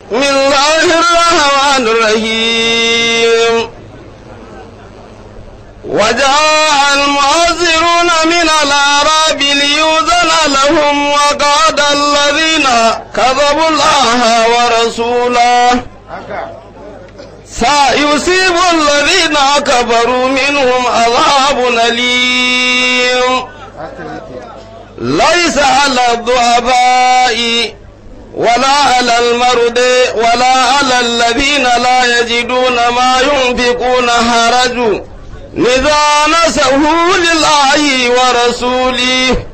من الله الرحمن الرحيم وجاء المعذرون من الأعراب ليؤذن لهم وقعد الذين كذبوا الله ورسوله سيصيب الذين كفروا منهم عذاب أليم ليس على الضعفاء ولا على المرض ولا على الذين لا يجدون ما ينفقون حرج لذا نسوه للآي ورسوله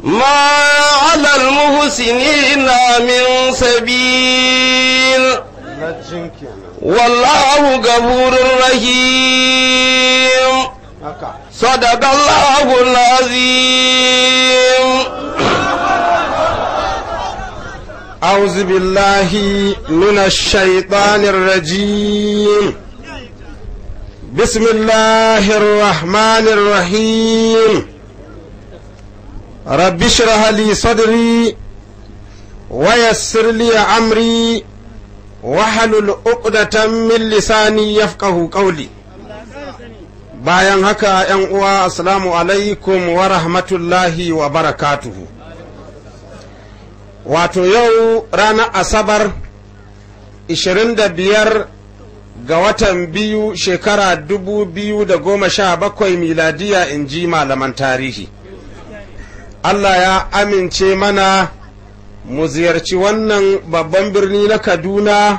ما على المحسنين من سبيل والله غفور رحيم صدق الله العظيم أعوذ بالله من الشيطان الرجيم بسم الله الرحمن الرحيم رب اشرح لي صدري ويسر لي أمري wahalul uqdatan min lisani yafqahu bayan haka yan uwa assalamu alaikum wa rahmatullahi wa barakatuhu wato yau ranar asabar 25 ga watan biyu shekara 2017 miladiya in ji malaman tarihi allah ya amince mana mu ziyarci wannan babban birni na kaduna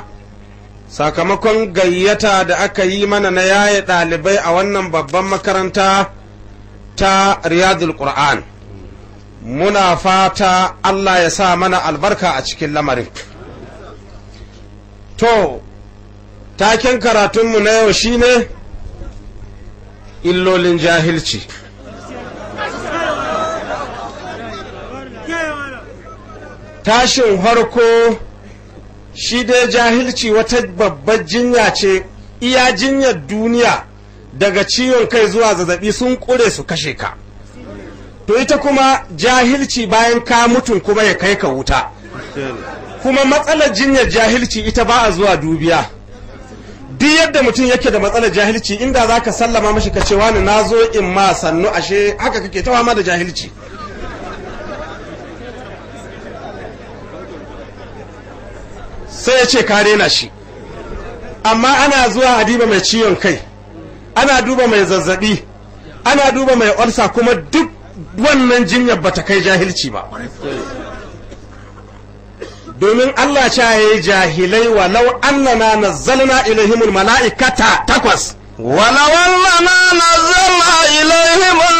sakamakon gayyata da aka yi mana na yaye ɗalibai a wannan babban makaranta ta riyadul qur'an muna fata Allah ya sa mana albarka a cikin lamarin to taken karatunmu na yau shi ne illolin jahilci tashin harko shi dai jahilci wata babbar jinya ce iya jinyar duniya daga ciwon kai zuwa zazzaɓi sun kure su kashe ka to ita kuma jahilci bayan ka mutun kuma ya kai ka wuta kuma matsalar jinyar jahilci ita ba a zuwa dubiya duk yadda mutum yake da matsalar jahilci inda za ka sallama mashi ka ce wani na zo in ma sannu ashe haka kake ta fama da jahilci sai ya ce ka na shi amma ana zuwa hadiba mai ciwon kai ana duba mai zazzabi ana duba mai olsa kuma duk wannan jinyar ba ta kai jahilci ba domin Allah ce ya yi jahilai walau annana nazzalna ilaihimul mala'ikata takwas ولو أننا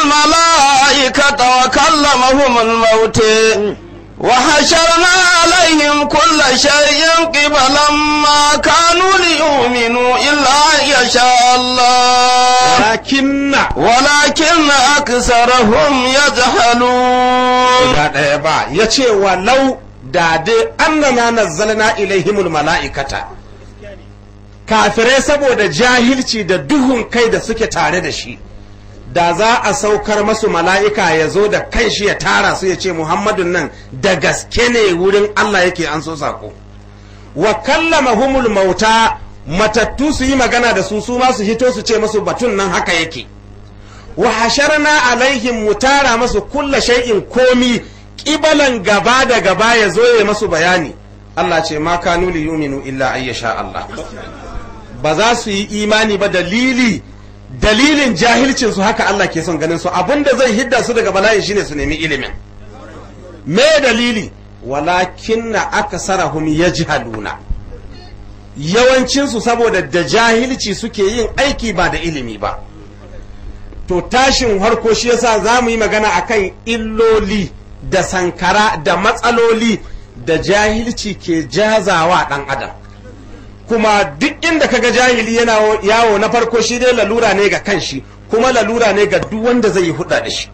mala'ikata, wa kalla mahimman mautin وحشرنا عليهم كل شيء قبلا ما كانوا ليؤمنوا إلا يشاء الله ولكن ولكن أكثرهم يجهلون يتي ولو dade annana nazzalna ilaihimul mala'ikata kafirai saboda jahilci da duhun kai da suke tare da shi da za a saukar masu mala'ika ya zo da shi ya tara su ya ce muhammadun nan da gaske ne wurin allah yake an so sako wa kallama humul mauta matattu su yi magana da su su masu hito su ce masu batun nan haka yake wa na alaihin mu tara masu kulla shay'in komi ƙibalan gaba da gaba ya zo ya masu bayani Allah ce ma kanu li yuminu illa ayyasha Allah ba za su yi imani ba dalili dalilin jahilcin su haka Allah ke son ganin su abinda zai hidda su daga bala'i shine su nemi ilimin me dalili walakinna aksarahum yajhaluna yawancin su saboda da jahilci suke yin aiki ba da ilimi ba to tashin harko shi yasa zamu yi magana akan illoli da sankara da matsaloli da jahilci ke jazawa dan adam kuma duk inda kaga jahili yana yawo na farko shi dai lalura ne ga kanshi kuma lalura ne ga duk wanda zai yi huɗa da shi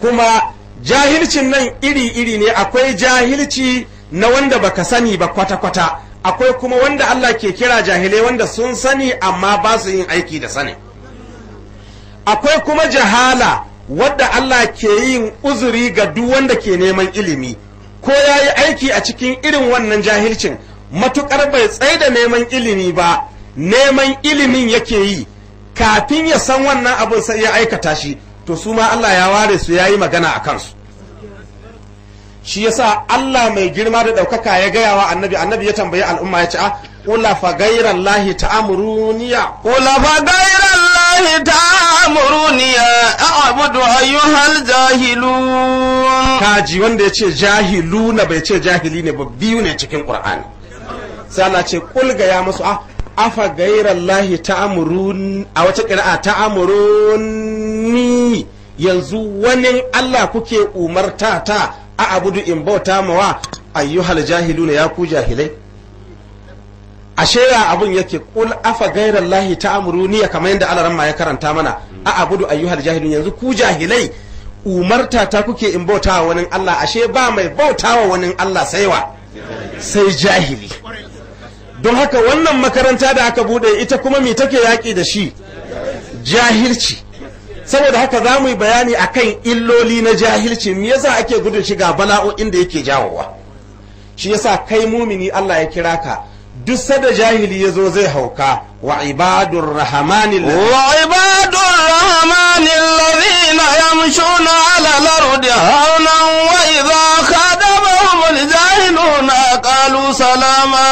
kuma jahilcin nan iri-iri ne akwai jahilci na wanda baka sani ba kwata-kwata akwai kuma wanda Allah ke kira jahilai wanda sun sani amma ba su yin aiki da sani akwai kuma jahala wadda Allah ke yin uzuri ga duk wanda ke neman ilimi ko ya yi aiki a cikin irin wannan jahilcin matukar bai tsaye da neman ilimi ba neman ilimin yake yi kafin ya san wannan abin sai ya aikata shi to su ma Allah ya ware su ya yi magana a kansu shi yasa Allah mai girma da ɗaukaka ya gaya wa annabi annabi ya tambayi al'umma ya ce a ah, ƙula fa gairan lahi ta'amuruniya ƙula fa gairan lahi a'budu ayyuhal jahilun kaji wanda ya ce jahilu na bai ce jahili ne ba biyu ne cikin ƙur'ani sai Allah ce kulga ya musu a ah, afa ta amurun a wata ƙira'a ta'amuruni yanzu wani Allah kuke umarta ta a abudu in bauta mawa ayyuhal jahiluna ya ku jahilai ashe ya abun yake kul afa gairallahi ta'amuruni kamar yadda Allah ramma ya karanta mana a abudu ayyuhal jahilun yanzu ku jahilai umarta ta kuke in bauta wa wani Allah ashe ba mai bautawa wani Allah sai wa? sai jahili don haka wannan makaranta da aka bude ita kuma mai take yaƙi da shi jahilci saboda haka za mu yi bayani a kan illoli na jahilci me yasa ake gudun shiga bala'o'in da yake jawowa shi yasa kai mumini Allah ya kira ka duk sada jahili ya zo zai hauka wa ibadur rahmani wa ibadur rahmani alladhina yamshuna ala alalar da hauna wa daba khadabahum jahilu jahiluna kalu salama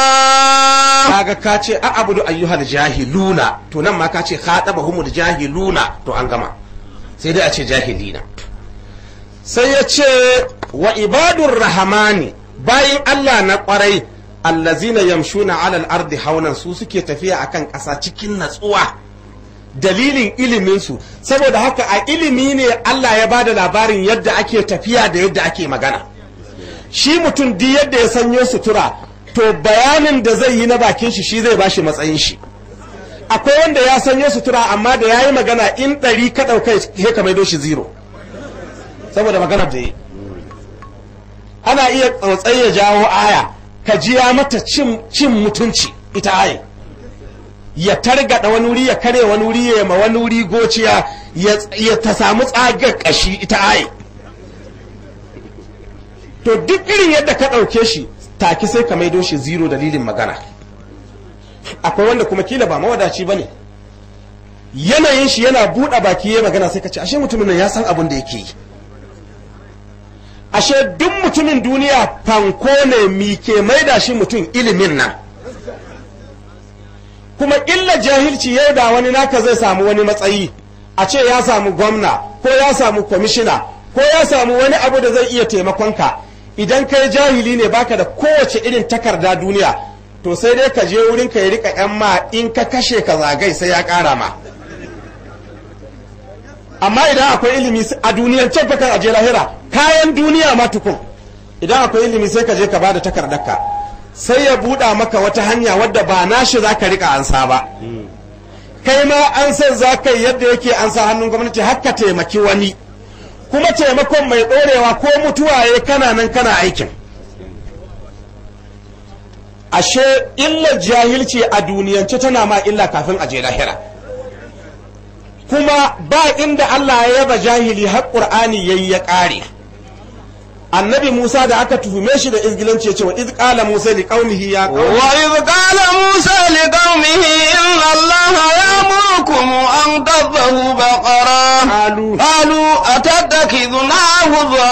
kaga ka ce a abudu ayyuhal jahiluna to nan ma ka ce khadabahum al-jahiluna to an gama sai dai a ce jahilina sai ya ce wa ibadun rahamani. bayin Allah na kwarai allazina yamshuna alal ardi haunan su suke tafiya akan ƙasa cikin natsuwa dalilin iliminsu saboda haka a ilimi ne Allah ya ba da labarin yadda ake tafiya da yadda ake magana shi mutum duk yadda ya sanyo sutura to bayanin da zai yi na bakin shi shi zai bashi matsayin shi akwai wanda ya sanyo sutura amma da ya yi magana in ɗari ka ɗauka zero saboda magana da yi ana iya tsautsayi ya jawo aya ka ji mata cin mutunci ita haye ya targada wani wuri ya kare wani wuri ya ma wani wuri gociya ya ta samu tsagar kashi ita haye to duk irin yadda ka ɗauke shi take sai ka maido shi zero dalilin magana akwai wanda kuma kila ba mawadaci ba ne yanayin shi yana buɗe baki ya magana sai ka ce ashe mutumin nan ya san abin da yake yi ashe duk mutumin duniya fanko ne mike da shi mutum ilimin nan kuma illa jahilci yau da wani naka zai samu wani matsayi a ce ya samu gwamna ko ya samu kwamishina ko ya samu wani abu da zai iya taimakonka idan kai jahili ne baka da kowace irin takarda duniya to sai dai ka je wurin ka ya rika yan ma in ka kashe ka zagai sai ya kara ma amma idan akwai ilimi a duniyar can fakan aje lahira kayan duniya ma tukun idan akwai ilimi sai ka je ka bada takardarka sai ya buɗa maka wata hanya wadda ba nashi za ka rika ansa ba kai ma an san za ka yi yadda yake an sa hannun gwamnati har taimaki wani kuma taimakon mai ɗorewa ko mutuwa ya kana nan kana aikin ashe illar jahilci a duniyance tana ma illa kafin aje lahira kuma ba inda Allah ya yaba jahili har Qur'ani yayi ya ƙare annabi Musa da aka tuhume shi da izgilanci ya ce wa iz qala Musa li qaumihi ya qaumi wa iz qala Musa li qaumihi inna Allaha ya'murukum an tadhbahu baqara halu halu atattakhiduna huzwa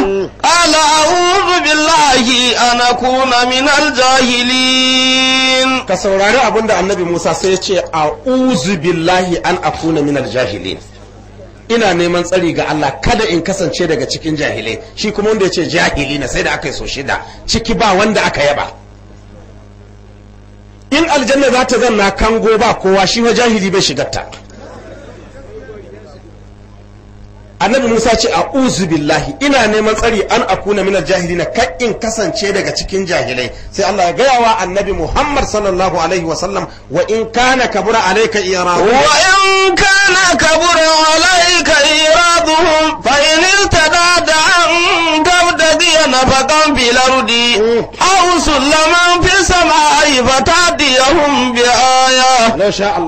hmm. qala a'udhu billahi an akuna min al-jahilin ka saurari abinda annabi Musa sai ya ce a'udhu billahi an akuna min al-jahilin ina neman tsari ga Allah kada in kasance daga cikin jahilai shi kuma wanda ya ce jahili na sai da aka yi so shida ciki ba wanda aka yaba in aljanna za ta zanna kango ba kowa shi wa jahili bai ta annabi musa ce a billahi ina neman tsari an akuna min jahili na kan in kasance daga cikin jahilai sai allah ya gaya wa annabi muhammad sallallahu alaihi wasallam wa in kana kabura alayka iyara كان كبر عليك إيرادهم فإن ارتدى nafaƙan filardi an sulaman fi sama aifata diyahun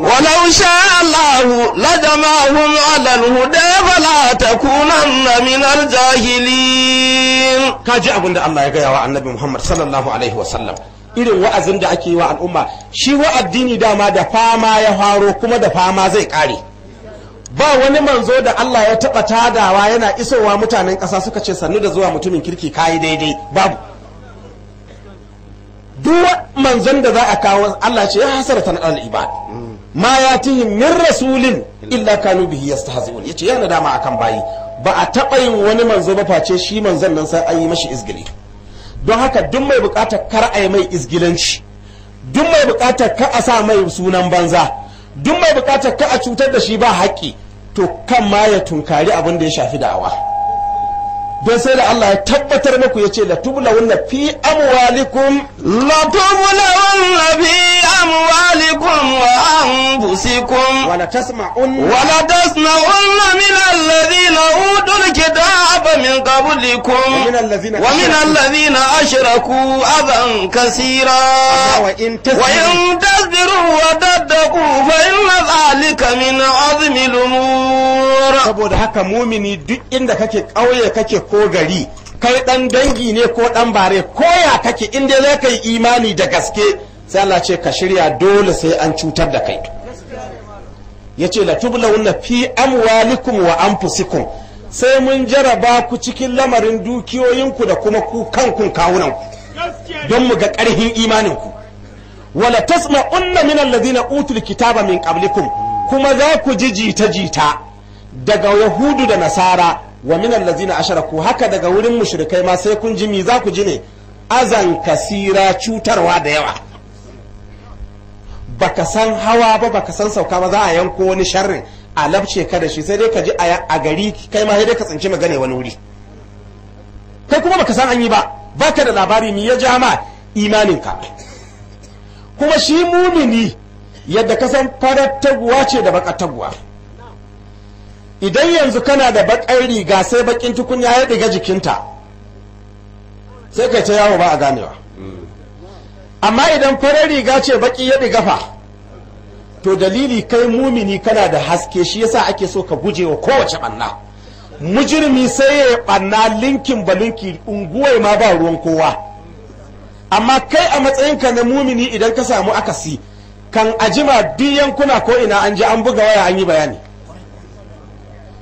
walau sha Allahu lajama hun alalhu da ya bala ta kunan na minar jahili ka ji abinda Allah ya gaya wa annabi Muhammad sallallahu alaihi wasallam irin wa'azin da ake yi wa al'umma shi wa addini dama da fama ya faro kuma da fama zai ƙare. ba wani manzo da Allah ya taɓa tadawa yana isowa mutanen ƙasa suka ce sannu da zuwa mutumin kirki kayi daidai babu duk manzon da za a kawo Allah ce ya hasaratan al ibad ma ya tihin min rasulin illa kanu bihi yastahzi'un yace yana dama akan bayi ba a taɓa yin wani manzo ba face shi manzon nan sai an yi mashi izgili don haka duk mai bukatar kar a yi mai izgilanci duk mai bukatar ka a sa mai sunan banza duk mai bukatar ka a cutar da shi ba haƙƙi to kan ma ya tunkari abin da ya shafi da'awa don sai da Allah ya tabbatar muku ya ce la tubula wannan fi amwalikum la tubla wunna fi amwalikum wa anfusikum wa la tasma'un na la tasma'un min alladhina utul kitaba min qablikum wa min alladhina ashraku adan kaseera wa in tasbiru wa tattaqu fa inna dhalika min azmi umur saboda haka mumini duk inda kake kauye kake ko gari kai dan dangi ne ko dan bare koya ya kake in dai zaka yi imani da gaske sai Allah ce ka shirya dole sai an cutar da kai yace la tublawunna fi amwalikum wa anfusikum sai mun jaraba ku cikin lamarin dukiyoyinku da kuma ku kankun kawunanku don mu ga ƙarhin imaninku wala tasma'unna min alladhina utul kitaba min qablikum kuma za ku ji jita jita daga yahudu da nasara wa min allazina asharaku haka daga wurin mushrikai ma sai kun ji mi za ku ji ne azan kasira cutarwa da yawa baka san hawa ba baka san sauka ba za a yanko wani sharrin a labce ka da shi sai dai ka ji a gari kai ma sai dai ka tsinci magane wani wuri kai kuma baka san an yi ba baka da labari mi ya ja ma imaninka kuma shi mumini yadda ka san farar taguwa ce da baka taguwa idan yanzu kana da bakar riga sai bakin tukunya ya diga jikinta sai kai ta yawo ba a ganewa amma idan farar riga ce baki ya diga fa to dalili kai mumini kana da haske shi yasa ake so ka guje wa kowace banna mujirmi sai ya banna linkin balinki unguwai ma ba ruwan kowa amma kai a matsayinka na mumini idan ka samu akasi kan ajima duk yankuna ko ina an ji an buga waya an yi bayani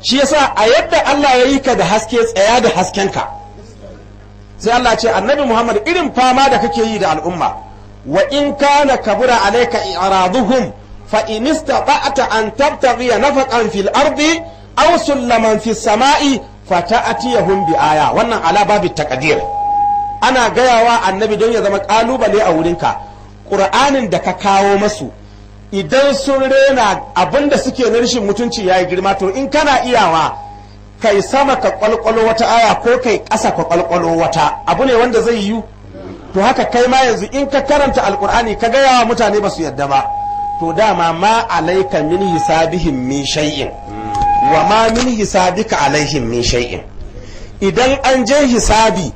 shi yasa a yadda Allah ya yi ka da haske tsaya da haskenka sai Allah ce annabi Muhammad irin fama da kake yi da al'umma wa in kana kabura alayka i'raduhum fa in istata'ta an tabtaghi nafaqan fil ardi aw sulaman fis sama'i fata'atiyahum bi aya wannan ala babu taqdir ana gayawa annabi don ya zama kalubale a wurinka qur'anin da ka kawo masu idan sun rena da suke na rashin mutunci yi girma to in kana iyawa kai sama ka kwalkwalo wata aya ko kai ƙasa ka kwalkwalo wata abu ne wanda zai yiwu to haka kai ma yanzu in ka karanta alkur'ani ka gaya wa mutane ba su yadda ba to dama ma alaika min hisabihim min shay'in wa ma min hisabika alaihim min shay'in idan an je hisabi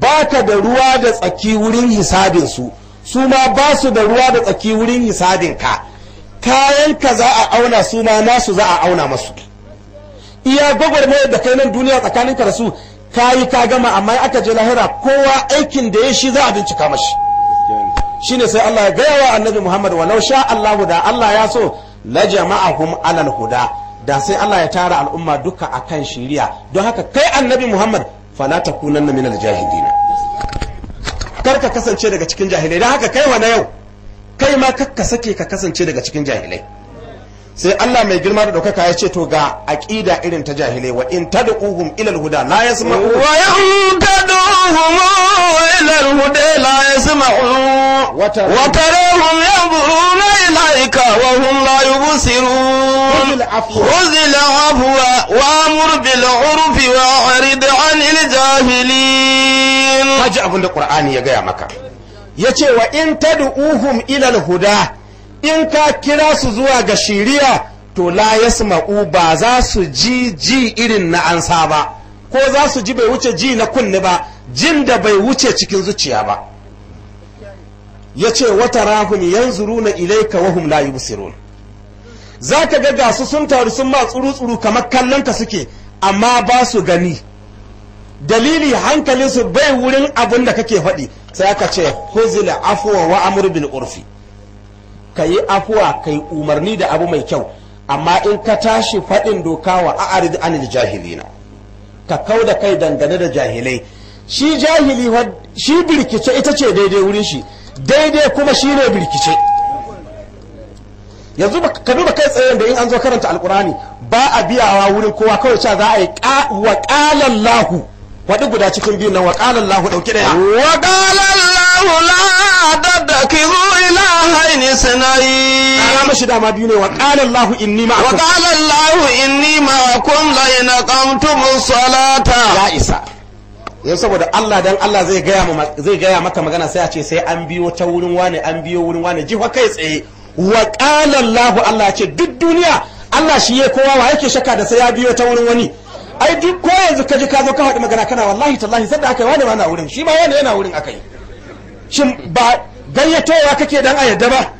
baka da ruwa da tsaki wurin hisabin su su ma ba su da ruwa da tsaki wurin hisabin ka Kayan ka za a auna su ma nasu za a auna masu iya mai da kai nan duniya tsakaninka da su ka yi ka gama amma aka je lahira kowa aikin da ya shi za a bincika mashi ne sai Allah ya gaya wa annabi Muhammad wa sha Allahu da Allah ya so la jama'ahum alal huda da sai Allah ya tara al'umma duka akan shiriya don haka kai annabi Muhammad fala takunanna minal Kar ka kasance daga cikin jahilai don haka kai wa na yau kai ma kakka sake ka kasance daga cikin jahilai sai Allah mai girma da ɗaukaka ya ce to ga aqida irin ta jahilai wa in tad'uhum ila al-huda la yasma'u wa in tad'uhum ila al-huda la yasma'u wa tarahum yanzuruna ilayka wa hum la yubsirun khudh al-afwa wa amur bil 'urfi wa 'rid 'anil jahilin kaji abinda qur'ani ya gaya maka ya ce wa in ta duuhum ilal huda in ka kira su zuwa ga shiriya to la yasma'u ba za su ji ji irin na ansa ba ko za su ji bai wuce ji na kunni ba jin da bai wuce cikin zuciya ba ya ce wata rahun yanzuru na ilaika wahum la yubsirun za ka ga gasu sun taru sun ma tsuru-tsuru kamar ka suke amma ba su gani dalili hankalinsu bai wurin abin da kake faɗi sai aka ce huzila afuwa wa amur bil urfi ka yi afuwa ka umarni da abu mai kyau amma in ka tashi faɗin doka wa a'arid anil jahilina ka kau da kai dangane da jahilai shi jahili shi birkice ita ce daidai wurin shi daidai kuma shi ne birkice yanzu ka duba kai tsayen da in an zo karanta alkurani ba a biyawa wurin kowa kawai cewa za a yi wa ƙalan lahu faɗi guda cikin biyu nan wa ƙala Allah ɗauki ɗaya. Wa ƙala Allah la da ki zo ila haini sanayi. Ƙara mashi dama biyu ne wa ƙala Allah inni ma akum. Wa in Allah inni ma akum la ina qamtum salata. Ya isa. Yau saboda Allah dan Allah zai gaya zai gaya maka magana sai a ce sai an biyo ta wurin wani an biyo wurin wani jiwa kai tsaye. Wa lahu Allah Allah ce duk duniya Allah shi ya kowa wa yake shaka da sai ya biyo ta wurin wani. ai duk ko yanzu ka ji ka zo ka faɗi magana kana wallahi tallahi sadda aka yi wani ma na wurin shi ma wani yana wurin aka yi shin ba gayyatowa kake dan a yadda ba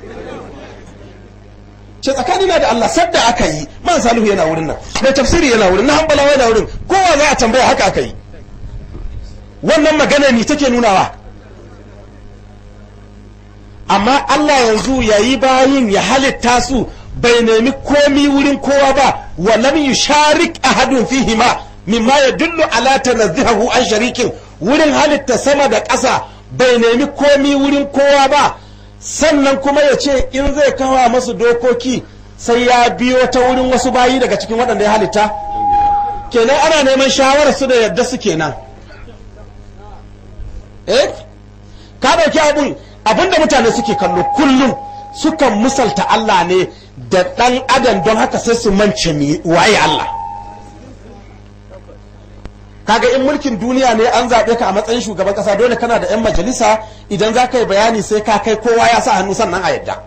ce na da Allah sadda aka yi man salihu yana wurin nan mai tafsiri yana wurin na hanbalawa yana wurin kowa za a tambaya haka aka yi wannan magana ne take nunawa amma Allah yanzu yayi bayin ya halitta su bai nemi komi wurin kowa ba wa lam yusharik ahadun fihi ma mimma yadullu ala tanazzahu an sharikin wurin halitta sama da ƙasa bai nemi komi wurin kowa ba sannan kuma ya ce in zai kawa masu dokoki sai ya biyo ta wurin wasu bayi daga cikin waɗanda ya halitta kenan ana neman shawarar su da yadda su kenan eh ka dauki abun abinda mutane suke kallo kullum sukan musalta Allah ne da ɗan adam don haka sai su mance mi waye Allah kaga in mulkin duniya ne an zaɓe ka a matsayin shugaban ƙasa dole kana da 'yan majalisa idan za ka yi bayani sai ka kai kowa ya sa hannu sannan a yadda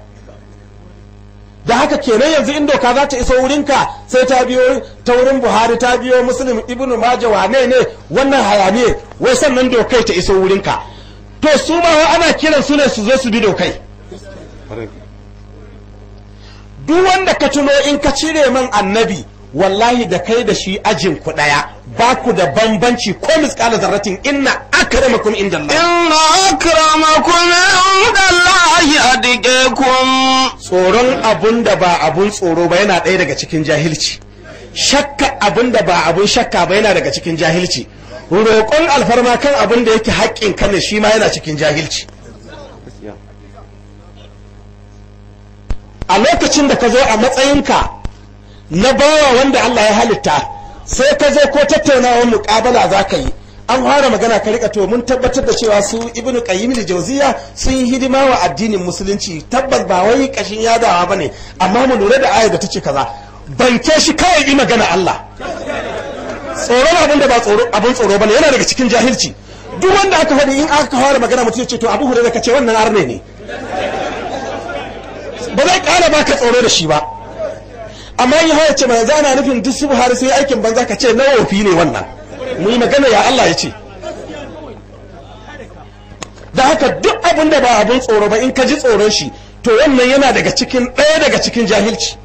da haka kenan yanzu in doka za ta iso wurinka sai ta biyo ta wurin buhari ta biyo muslim ibn maja wane ne wannan hayaniye wai sannan dokai ta iso wurinka to su ma ana kiran su ne su zo su bi dokai duk wanda ka tuno in ka cire min annabi wallahi da kai da shi ajin ku daya ba ku da bambanci ko misƙala zarratin inna akramakum inda Allah inna akramakum inda Allah tsoron abun da ba abun tsoro ba yana ɗaya daga cikin jahilci shakka abun da ba abun shakka ba yana daga cikin jahilci roƙon alfarma kan abun da yake haƙƙin ka ne shi ma yana cikin jahilci a lokacin da ka zo a matsayinka na bawa wanda Allah ya halitta sai ka zo ko tattaunawar muƙabala za ka yi an fara magana ka rika to mun tabbatar da cewa su ibnu qayyim da jawziya sun yi hidima wa addinin musulunci tabbas ba wai kashin yadawa bane amma mu lura da ayar da tace kaza banke shi kawai yi magana Allah tsoro abin da ba tsoro abin tsoro bane yana daga cikin jahilci duk wanda aka faɗi in aka fara magana mutum ya ce to abu hudu da kace wannan arne ne ba zai kara baka tsoro da shi ba amma yi hawa ce mai zana nufin duk su buhari sai aikin banza ka ce na wofi ne wannan mu yi magana ya Allah ya ce da haka duk abin da ba abin tsoro ba in ka ji tsoron shi to wannan yana daga cikin ɗaya daga cikin jahilci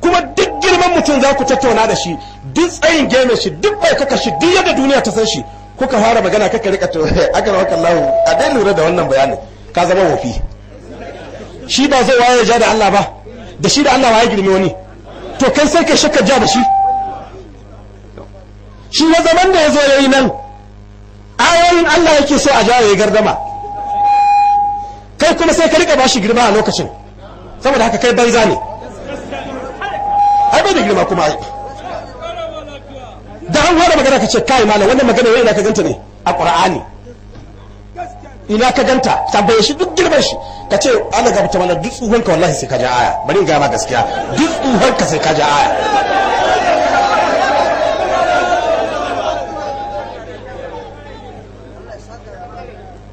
kuma duk girman mutum za ku tattauna da shi duk tsayin gemen shi duk shi duk yadda duniya ta san shi kuka fara magana kaka rika to aka rawa kallahu a dai lura da wannan bayanin ka zama wofi shi ba zai waye ja da Allah ba da shi da Allah waye girme wani to kai sai ka shakka ja da shi shi na zaman da ya zo ya yi nan ayoyin Allah yake so a ja ya gardama kai kuma sai ka rika ba shi girma a lokacin saboda haka kai banza ne ai bai da girma kuma ai da an ware magana ka ce kai malam wannan magana wai da ka ganta ne a qur'ani ina ka ganta tambaye shi duk girman shi ka ce ana gaba ta mana duk tsuhon ka wallahi sai ka ja aya bari in ga ma gaskiya duk tsuhon ka sai ka ja aya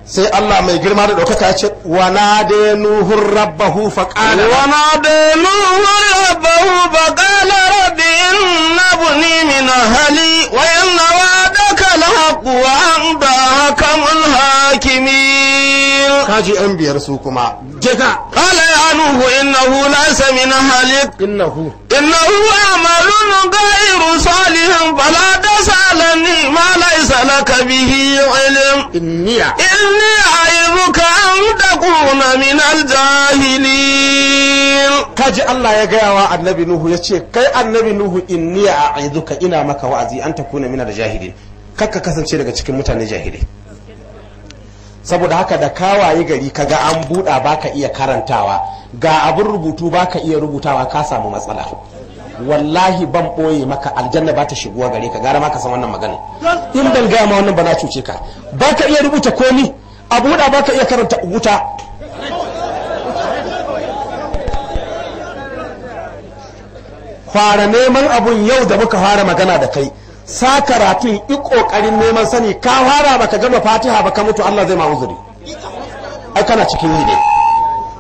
sai Allah mai girma da ɗaukaka ya ce wa na da nuhun rabbahu faƙala wa na da nuhun rabbahu faƙala rabbi in inna buni min hali wa inna wa daka lahaqu an ba ahkamul hakimin kaji an biyar su kuma jaka qala ya nuhu innahu laysa min halik innahu innahu amalun ghayru salihin fala tasalani ma laysa laka bihi ilm inniya inni a'iduka an takuna min aljahilin kaji Allah ya gaya wa annabi nuhu yace kai annabi nuhu inniya ka ina maka wa'azi an takuna min aljahilin kakka kasance daga cikin mutane jahili. saboda haka da kawaye gari ka ga an buɗa ba ka iya karantawa ga abin rubutu ka iya rubutawa ka samu matsala wallahi ban ɓoye maka aljanna ba ta shiguwa gare ka gara ma ka san wannan magana in ban gaya ma wannan ba na cuce ka ka iya rubuta komi a buɗa ba ka iya karanta wuta fara neman abun yau da muka fara magana da kai sa karatun yi kokarin neman sani ka fara baka gama fatiha baka mutu Allah zai ma uzuri ai kana cikin yi ne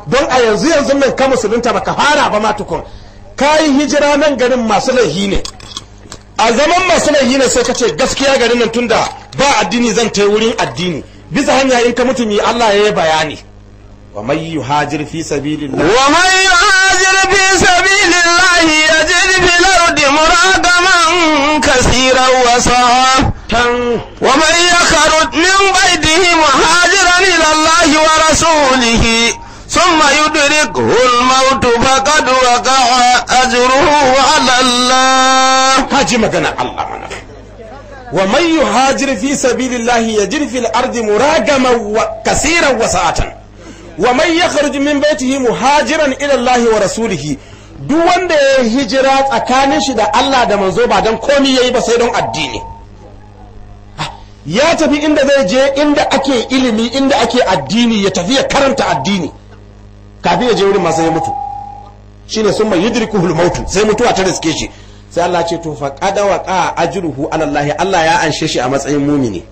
don a yanzu yanzu nan ka musulunta baka fara ba ma tukun kayi hijira nan garin masu laihi ne a zaman masu laihi ne sai ka ce gaskiya garin nan tunda ba addini zan tai wurin addini bisa hanya in ka mutu mi Allah ya yi bayani wa mai yuhajir fi sabilillah wa fi sabilillah ومن يخرج من بيته مهاجرا الى الله ورسوله ثم يدركه الموت فقد وقع اجره على الله هاجي مغنى الله منا ومن يهاجر في سبيل الله يجد في الارض مراغما كثيرا وسعة ومن يخرج من بيته مهاجرا الى الله ورسوله duk wanda ya hijira tsakanin shi da Allah da manzo ba don komi yayi ba sai don addini ya tafi inda zai je inda ake ilimi inda ake addini ya tafi ya karanta addini kafin ya je wurin masu ya mutu shine sun mai yudriku sai mutuwa ta riske shi sai Allah ce to fa qada wa ajruhu ala Allah Allah ya anshe shi a matsayin mumini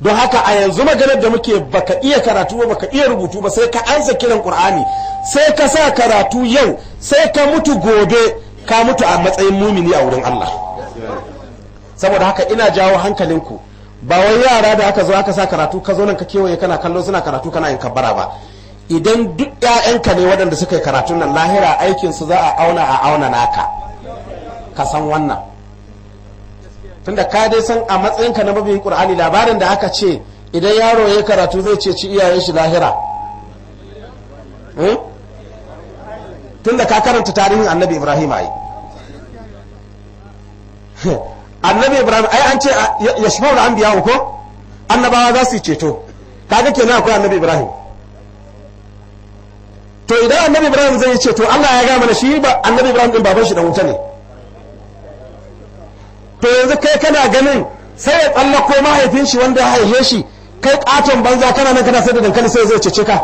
don haka a yanzu maganar da muke baka iya karatu ba baka iya rubutu ba sai ka ansa kiran Qur'ani sai ka sa karatu yau sai ka mutu gobe ka mutu a matsayin mumini a wurin Allah saboda haka ina jawo hankalinku ba wai yara da aka zo aka sa karatu ka zo nan ka kewaye kana kallo suna karatu kana yin kabbara ba idan duk 'ya'yanka ne waɗanda suka yi karatun nan lahira aikinsu za a auna a auna naka ka san wannan tunda ka dai san a matsayinka na mabiyin qur'ani labarin da aka ce idan yaro ya karatu zai ce ci iyayen shi lahira hmm? tunda ka karanta tarihin annabi ibrahim ai annabi ibrahim ai an ce ya shafa da an biya ko annabawa za su yi ceto kaga kenan akwai annabi ibrahim to idan annabi ibrahim zai yi ceto allah ya gama da shi ba annabi ibrahim din baban shi da wuta ne to yanzu kai kana ganin sai ya tsallako mahaifin shi wanda ya haife shi kai katon banza kana nan kana sai da dankali sai zai cece ka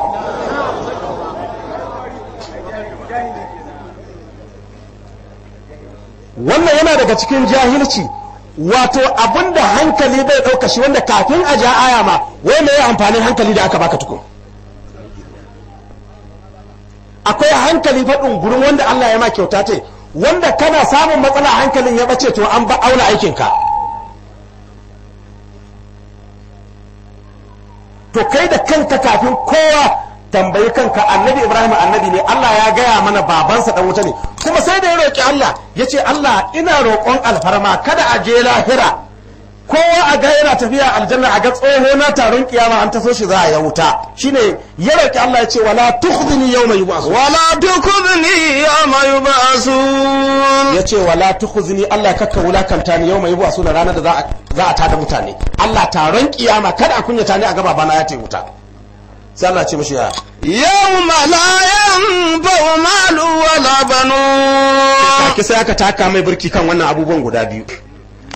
wannan yana daga cikin jahilci wato abin da hankali bai ɗauka shi wanda kafin a ja aya ma wai mai amfanin hankali da aka baka tuku akwai hankali faɗin gurin wanda Allah ya ma kyauta ce wanda kana samun matsala hankalin ya bace to an ba auna aikinka to kai da kanka kafin kowa tambayi kanka annabi ibrahim annabi ne allah ya gaya mana babansa dan wuta ne kuma sai da ya roƙi allah ya ce allah ina roƙon alfarma kada a je lahira kowa a ga yana tafiya aljanna a ga tsoho na taron kiyama an taso shi za a yi wuta shine ya roƙi allah ya ce wala tukhzini yawma yub'asun wala tukhzini yawma yub'asun ya ce wala tukhzini allah kakka wulakanta ni yawma yub'asun ranar da za a tada mutane allah taron kiyama kada a kunyata ni a ga babana ya ce wuta sana ce mashi ya yau malayan bau malu wala banun take sai aka taka mai burki kan wannan abubuwan guda biyu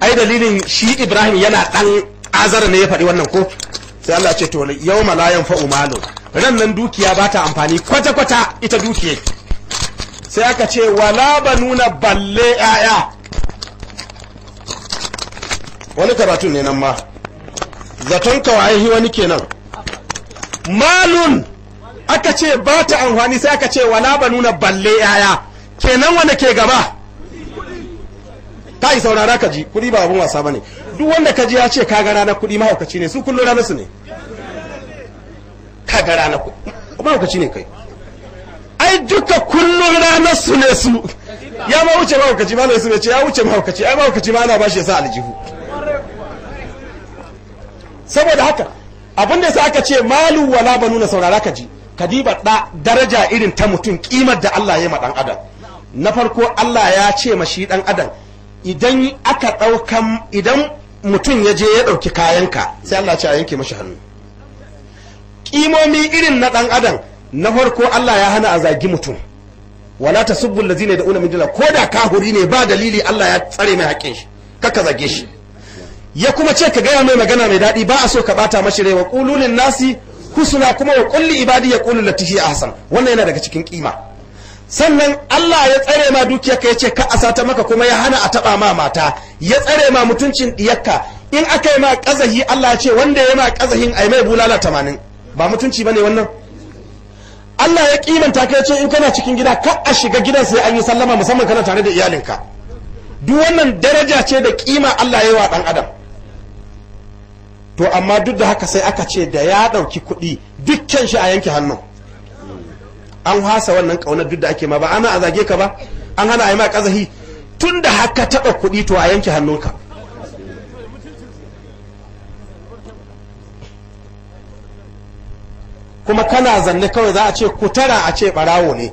ai dalilin shi Ibrahim yana dan azara ne ya faɗi wannan ko sai Allah ce to yau malayan fa'u malu ran nan dukiya ba ta amfani kwata kwata ita dukiya sai aka ce wala banuna balle 'ya'ya wani karatu ne nan ma zaton kawai wani kenan malun aka ce ba ta amfani sai aka ce wala ba nuna balle yaya kenan wanda ke gaba ta yi saurara ka ji kuɗi ba abin wasa ba ne duk wanda ka ji ya ce ka gara na kuɗi mahaukaci ne su kullum ranar su ne ka gara na kuɗi mahaukaci ne kai ai duka kullum ranar su ne su ya ma wuce mahaukaci ma su ne ce ya wuce mahaukaci ai mahaukaci ma ana ba shi ya sa aljihu saboda haka abin da aka ce malu wala banuna saurara ka ji ka ji da daraja irin ta mutum kimar da Allah ya ma dan adam na farko Allah ya ce ma shi dan adam idan aka daukan idan mutum ya je ya dauki kayanka sai Allah ce a yanke mashi hannu kimomi irin na dan adam na farko Allah ya hana a zagi mutum wala tasubbu allazina da'una min dila ko da kahuri ne ba dalili Allah ya tsare mai haƙin shi kaka zage shi ya kuma ce ka gaya mai magana mai daɗi ba a so ka bata mashi rai wa ƙulunin nasi husna kuma wa ƙulli ibadi ya ƙulun latihi hasan wannan yana daga cikin kima sannan Allah ya tsare ma dukiyar ya ce ka sata maka kuma ya hana a taɓa ma mata ya tsare ma mutuncin ɗiyakka in aka yi ma ƙazahi Allah ya ce wanda ya ma kazahin ai mai bulala tamanin. ba mutunci ba ne wannan Allah ya kimanta ka ya ce in kana cikin gida ka a shiga gidan sai an yi sallama musamman kana tare da iyalinka duk wannan daraja ce da kima Allah ya yi wa dan adam to amma duk da haka sai aka ce da ya ɗauki kuɗi dukkan shi a yanke hannu an hasa wannan kaunar duk da ake ma ba ana a zage ka ba an hana a yi ma ƙazahi tun da haka taɓa kuɗi to a yanke hannunka kuma kana zanne kawai za a ce kutara a ce ɓarawo ne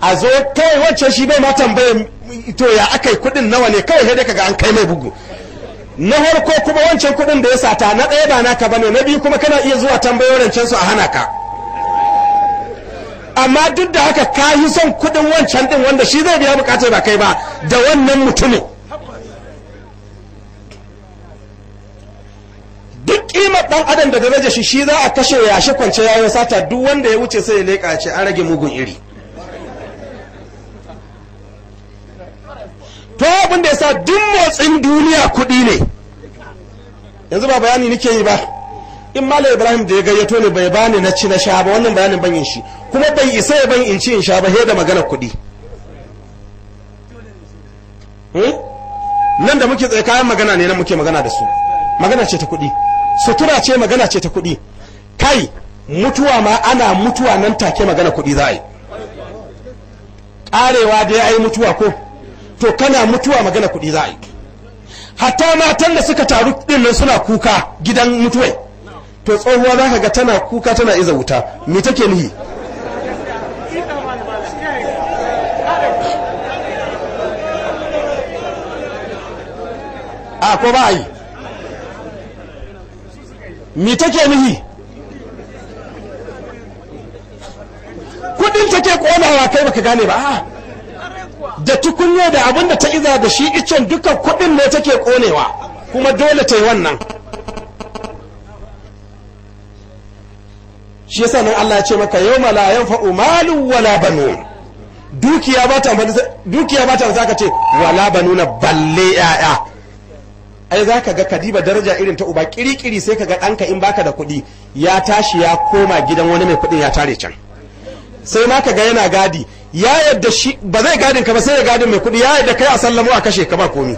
a zo kai wancan shi bai ma tambaye to ya aka yi kuɗin nawa ne kawai sai ka ga an kai mai bugu na harko kuma wancan kuɗin da ya sata na ɗaya ba naka bane na biyu kuma kana iya zuwa tambayoyin rancen su a hana ka amma duk da haka ka yi son kuɗin wancan din wanda shi zai biya bukatar ba kai ba da wannan mutumin duk ƙimar ɗan adam da daraja shi shi za a kashe ya shi kwance yi sata duk wanda ya wuce sai ya leƙa ce an rage mugun iri to abin da ya sa duk motsin duniya kuɗi ne yanzu ba bayani nike yi ba in malam ibrahim da ya gayyato ne bai bani na ci na sha ba wannan bayanin ban shi kuma bai isa ya ban in ci in sha ba da magana kuɗi hmm? nan da muke tsaye kayan magana ne nan muke magana da su magana ce ta kuɗi sutura ce magana ce ta kuɗi kai mutuwa ma ana mutuwa nan take magana kuɗi za a yi ƙarewa dai yi mutuwa ko to kana mutuwa magana kuɗi za a yi hatta matan da suka taru ɗin nan suna kuka gidan mutuwai to tsohuwa za ka ga tana kuka tana iza wuta me take nihi a ko ba a yi me take nihi kudin take konawa kai baka gane ba a'a da tukunya da abin da ta iza da shi icen duka kuɗin ne take konewa kuma dole ta yi wannan shi yasa nan Allah ya ce maka yau ma la yanfa'u malu wala banu. dukiya ba ta amfani dukiya ba ta zaka ce wala banuna balle yaya ai zaka ga kadiba daraja irin ta uba kirikiri sai kaga ɗanka in baka da kuɗi ya tashi ya koma gidan wani mai kuɗin ya tare can sai ma kaga yana gadi ya yadda shi ba zai gadin ka ba sai ya gadin mai kuɗi ya yadda kai a sallamo a kashe ka ba komi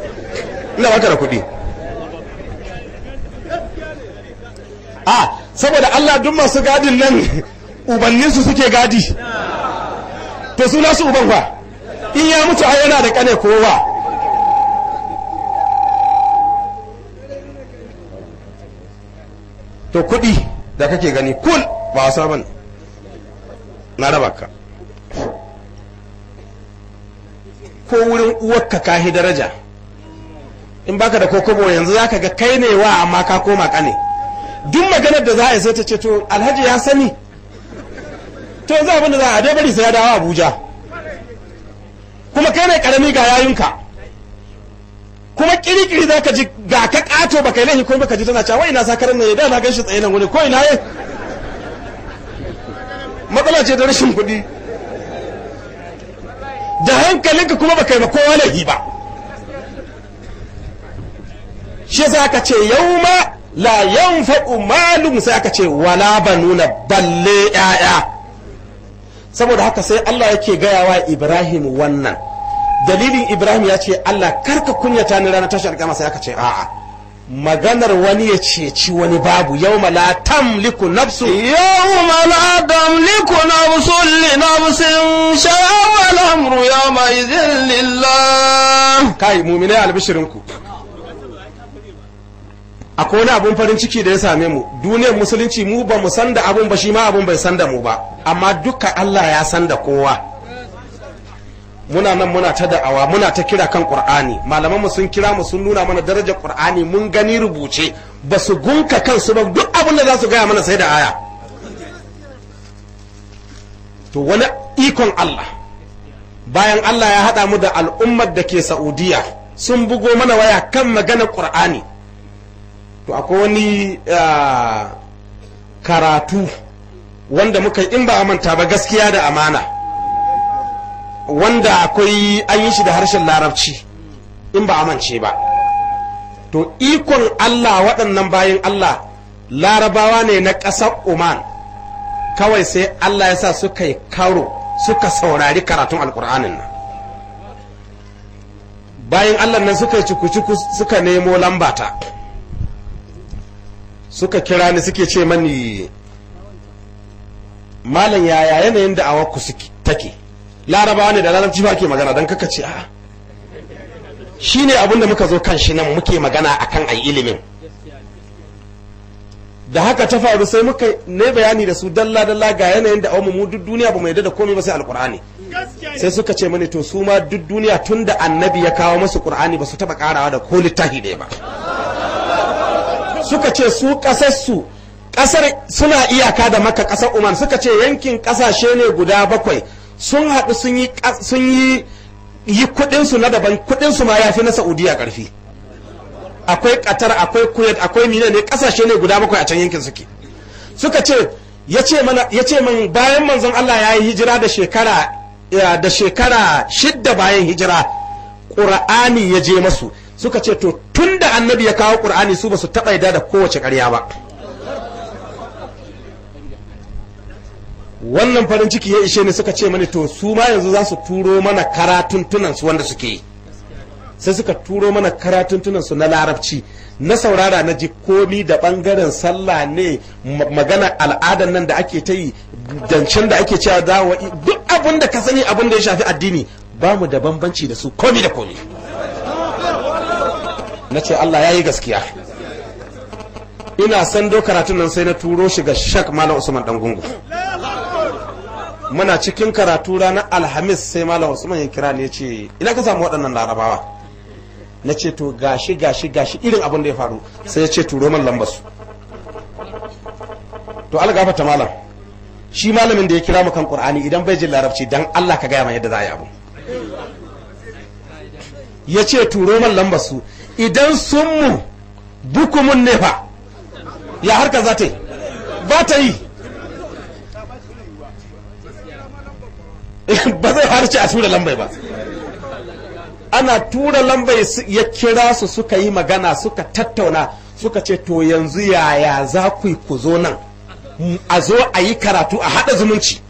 ina baka da kuɗi a saboda Allah duk masu gadin nan ubannin su suke gadi to su uban fa in ya mutu a yana da kane kowa to kuɗi da kake gani kul ba wasa na raba ko wurin uwarka kahi daraja in baka da kokobo yanzu zaka ga kai ne wa amma ka koma kane duk maganar da za a yi sai ta ce to alhaji ya sani to yanzu abin da za a dai bari sai ya dawo abuja kuma kai ne karami ga yayinka kuma kirikiri za ka ji ga ka kato baka yi ko baka ji tana cewa ina sakarar nan da na gan shi tsaye nan wani ko ina ye matsala ce da rashin kuɗi da hankalinka kuma baka yi kowa laifi ba shi za ka ce yau ma la yan faɗu malum sai aka ce wala ba nuna balle ‘ya'ya saboda haka sai Allah yake wa Ibrahim wannan dalilin Ibrahim ya ce Allah karka kunyata ni ranar tashar kama sai aka ce a'a maganar wani ya ceci wani babu yau la tamliku nafsu yau la tamliku nafsu li nafsin sha'awal amru ya ma izin lillah kai albishirin ku. akwai wani abun farin ciki da ya same mu duniyar musulunci mu ba mu san da abun ba shi ma abun bai san da mu ba amma duka Allah ya san da kowa muna nan muna ta da'awa muna ta kira kan qur'ani malaman mu sun kira mu sun nuna mana darajar qur'ani mun gani rubuce ba su gunka kansu ba duk abin da za su gaya mana sai da aya to wani ikon Allah bayan Allah ya haɗa mu da al'ummar da ke Saudiya sun bugo mana waya kan magana ƙur'ani to akwai wani karatu wanda muka in ba manta ba gaskiya da amana wanda akwai an yi shi da harshen larabci in ba amince ba to ikon Allah waɗannan bayan Allah larabawa ne na ƙasar Oman kawai sai Allah ya sa suka yi karo suka saurari karatun alƙur'anin nan bayan Allah nan suka yi cuku-cuku suka nemo lambata suka kira ni suke ce mani malam yaya yanayin da awaku ku take larabawa ne da larabci ba ke magana don kaka ce a shi ne abinda muka zo kan shi nan muke magana akan ai ilimin da haka ta faru sai muka ne bayani da su dalla dalla ga yanayin da mu duk duniya ba mu yadda da komai ba sai alkur'ani sai suka ce mani to su ma duk duniya tun da annabi ya kawo masu kur'ani ba su taba karawa da ko littafi ba suka ce su kasarsu kasar suna iyaka da maka kasar umar suka ce yankin kasashe ne guda bakwai sun haɗu sun yi yi yi kuɗinsu na daban kuɗinsu ma ya fi na saudiya ƙarfi akwai qatar akwai kuwait akwai mina ne ƙasashe ne guda bakwai a can yankin suke suka ce ya ce min bayan manzon allah ya yi hijira da shekara da shekara shidda bayan hijira ƙur'ani ya je masu suka ce to tun da annabi ya kawo ƙur'ani su ba su taɓa da kowace ƙarya ba wannan farin ciki ya ishe ni suka ce mani to su ma yanzu za su turo mana karatuntunan su wanda suke yi sai suka turo mana karatuntunan su na larabci na saurara na ji komi da bangaren sallah ne magana al'adan nan da ake ta yi dancin da ake cewa dawo duk abin da ka sani abin da ya shafi addini ba mu da bambanci da su komi da komi na ce Allah ya yi gaskiya ina sando karatun nan sai na turo shi ga shak malam usman dan gungu muna cikin karatu ranar alhamis sai malam usman ya kira ne ce ina ka samu waɗannan larabawa na ce to gashi gashi gashi irin abin da ya faru sai ya ce turo man lambar su to algafa ta malam shi malamin da ya kira mu kan qur'ani idan bai jin larabci dan Allah ka gaya ma yadda za a yi abu ya ce turo man lambar idan sun mu bukumun ne fa ya harka za ta yi ba ta yi ba zai harci a tura lambai ba ana tura lambai ya kira su suka yi magana suka tattauna suka ce to yanzu yaya za ku yi ku zo nan a zo a yi karatu a haɗa zumunci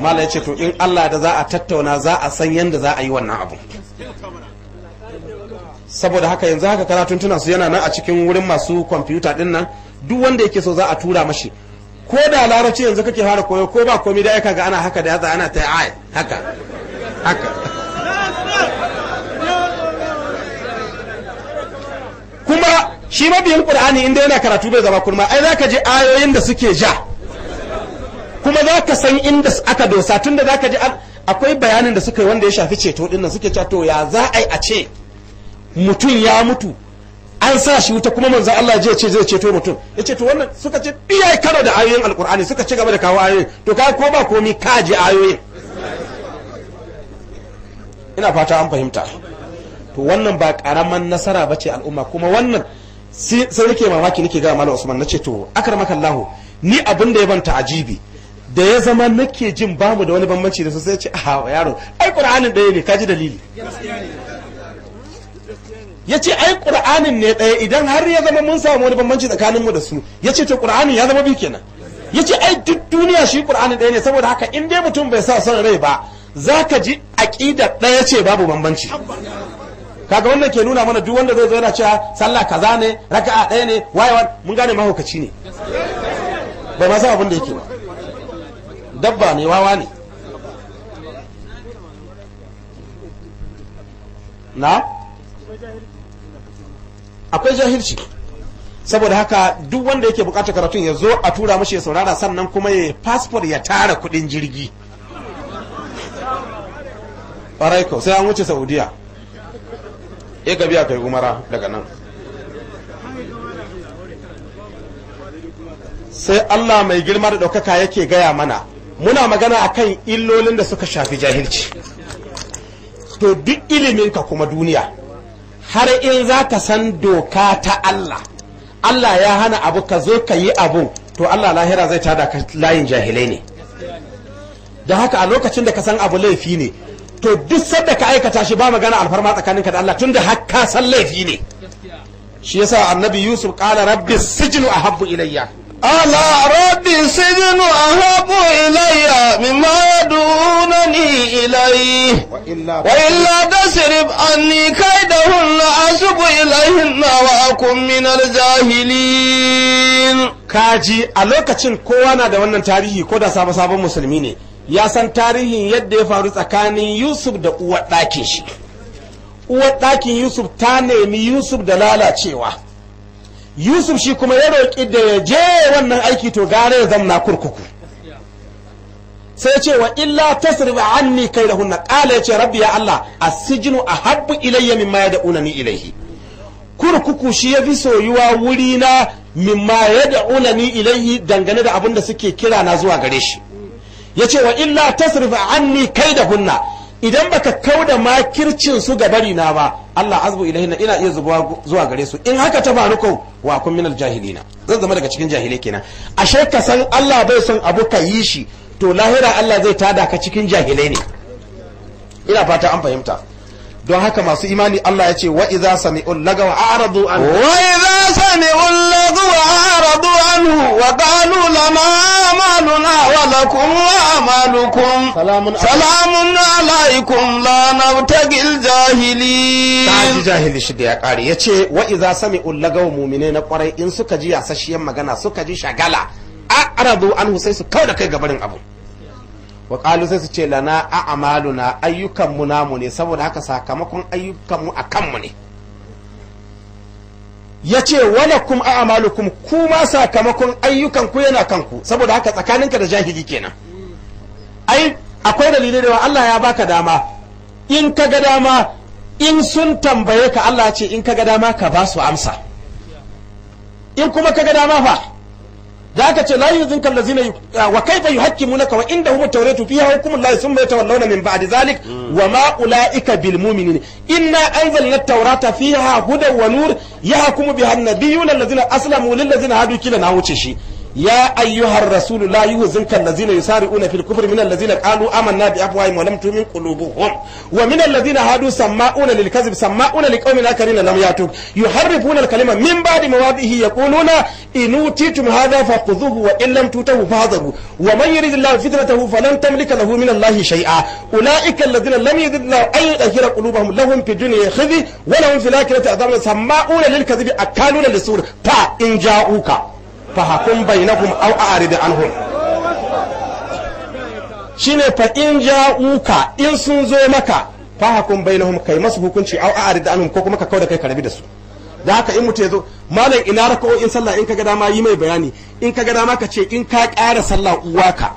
mala ya ce to in allah da za a tattauna za a san yadda za a yi wannan abu saboda haka yanzu haka karatun tuna su yana nan a cikin wurin masu kwamfuta din nan duk wanda yake so za a tura mashi ko da larabci yanzu kake fara koyo ko ba komi da aika ga ana haka da yatsa ana ta ai haka haka kuma shi mabiyin qur'ani inda yana karatu bai zama kurma ai zaka je ayoyin da suke ja kuma zaka san inda aka dosa tunda zaka je akwai bayanin da suka yi wanda ya shafi ceto dinnan suke cewa to ya za a yi a ce mutum ya mutu an sa shi wuta kuma manzo Allah ya ce zai ceto mutum yace to wannan suka ce iya kada da ayoyin alkur'ani suka ci gaba da kawo ayoyin to kai ko ba komi kaji ayoyin ina fata an fahimta to wannan ba karaman nasara bace al'umma kuma wannan sai nake mamaki nake ga malam Usman nace to akramakallahu ni abin da ya banta ajibi da ya zama nake jin bamu da wani bambanci da su sai ce a yaro ai qur'anin ɗaya ne ji dalili ya ce ai ƙur'anin ne ɗaya idan har ya zama mun samu wani bambanci tsakaninmu da su ya ce to ƙur'anin ya zama biyu kenan ya ce ai duk duniya shi ƙur'anin ɗaya ne saboda haka in dai mutum bai sa son rai ba za ka ji aƙidar ɗaya ce babu bambanci kaga wannan ke nuna mana duk wanda zai zo yana cewa sallah kaza ne raka'a ɗaya ne wayewa mun gane mahaukaci ne ba ma san abin da yake ba dabba ne wawa ne na akwai jahilci saboda haka duk wanda yake bukatar karatun ya zo a tura mashi ya saurara sannan kuma ya fasfor ya tara kudin jirgi ɓaraiko sai an wuce saudiya ya gabi kai umara daga nan sai allah mai girma da ɗaukaka yake gaya mana muna magana a kan illolin da suka shafi jahilci to duk ka kuma duniya har in za ka san doka ta Allah Allah ya hana abu ka zo ka yi abu to Allah lahira zai tada ka layin jahilai ne da haka a lokacin da ka san abu laifi ne to duk sadda ka aikata shi ba magana alfarma tsakaninka da Allah tunda har ka san laifi ne shi yasa annabi Yusuf qala rabbi sijnu ahabbu ilayya قال رب السجن أحب إلي مما يدعونني da وإلا تصرف عني كيدهن أصب إليهن وأكن من الجاهلين kaji a lokacin kowa na da wannan tarihi ko da sabon sabon musulmi ne ya san tarihin yadda ya faru tsakanin yusuf da uwar ɗakin shi uwar yusuf ta nemi yusuf da lalacewa yusuf shi kuma ya roƙi da ya je wannan aiki to gare ya zamna kurkuku sai ce wa illa tasrif anni kaidahunna qala yace rabbi ya allah as-sijnu ahabbu ilayya mimma yad'unani ilayhi kurkuku shi ya fi soyuwa wuri na mimma yad'unani ilayhi dangane da abin da suke kira na zuwa gare shi yace wa illa kai da hunna idan baka kau da makircin su ga bari na ba Allah azbu ilahi ina iya zuwa gare su in haka ta faru ko wa kun minal jahilina zan zama daga cikin jahilai kenan ashe ka san Allah bai son abu ka yi shi to lahira Allah zai tada ka cikin jahilai ne ina fata an fahimta don haka masu imani Allah ya ce wa idza sami'ul lagawa aradu an wa idza sami'ul lagawa aradu anhu wa qalu lana amaluna wa lakum amalukum salamun salamun alaikum la nabtagil jahili ji jahili shi da ya kare yace wa iza sami'ul lagawa mu'mine na kwarai in suka ji yasashiyan magana suka ji shagala aradu anhu sai su kauda kai gabarin abu wa qalu sai su ce lana a'maluna ayyukan mu namu ne saboda haka sakamakon ayyukan mu akan mu ne yace walakum a'malukum kuma sakamakon ayyukan ku yana kanku saboda haka tsakaninka da jahili kenan ai akwai dalilai da Allah ya baka dama in ka ga dama in sun tambaye ka Allah ce in ka ga dama ka ba su amsa in kuma ka ga dama fa da aka ce la yuzinka allazina wa kaifa yuhakkimunaka wa indahum at-tawratu fiha hukmullahi thumma yatawallawna min ba'di zalik wa ma ulaika bil mu'minin inna anzalna at-taurata fiha hudan wa nur yahkumu biha an-nabiyyuna allazina aslamu lil hadu kila na wuce shi يا أيها الرسول لا يهزنك الذين يسارعون في الكفر من الذين قالوا آمنا بأفواههم ولم تؤمن قلوبهم ومن الذين هادوا سماؤون للكذب سماؤون لقوم آخرين لم يأتوك يحرفون الكلمة من بعد مواضعه يقولون إن أوتيتم هذا فخذوه وإن لم تؤتوه فاحذروا ومن يرد الله فتنته فلن تملك له من الله شيئا أولئك الذين لم يرد الله أن يطهر قلوبهم لهم في الدنيا خذي ولهم في الآخرة أعظم سماؤون للكذب أكالون للسور تا إن جاءوك fahakun bainahum aw a'rid anhum shine fa in ja uka in sun zo maka fahakun bainahum kai masu hukunci aw da anhum ko kuma ka da kai ka rabi da su da haka in mutum ya zo malam ina raka'o'in sallah in ka ga dama yi mai bayani in ka ga dama ka ce in ka ƙara sallah uwaka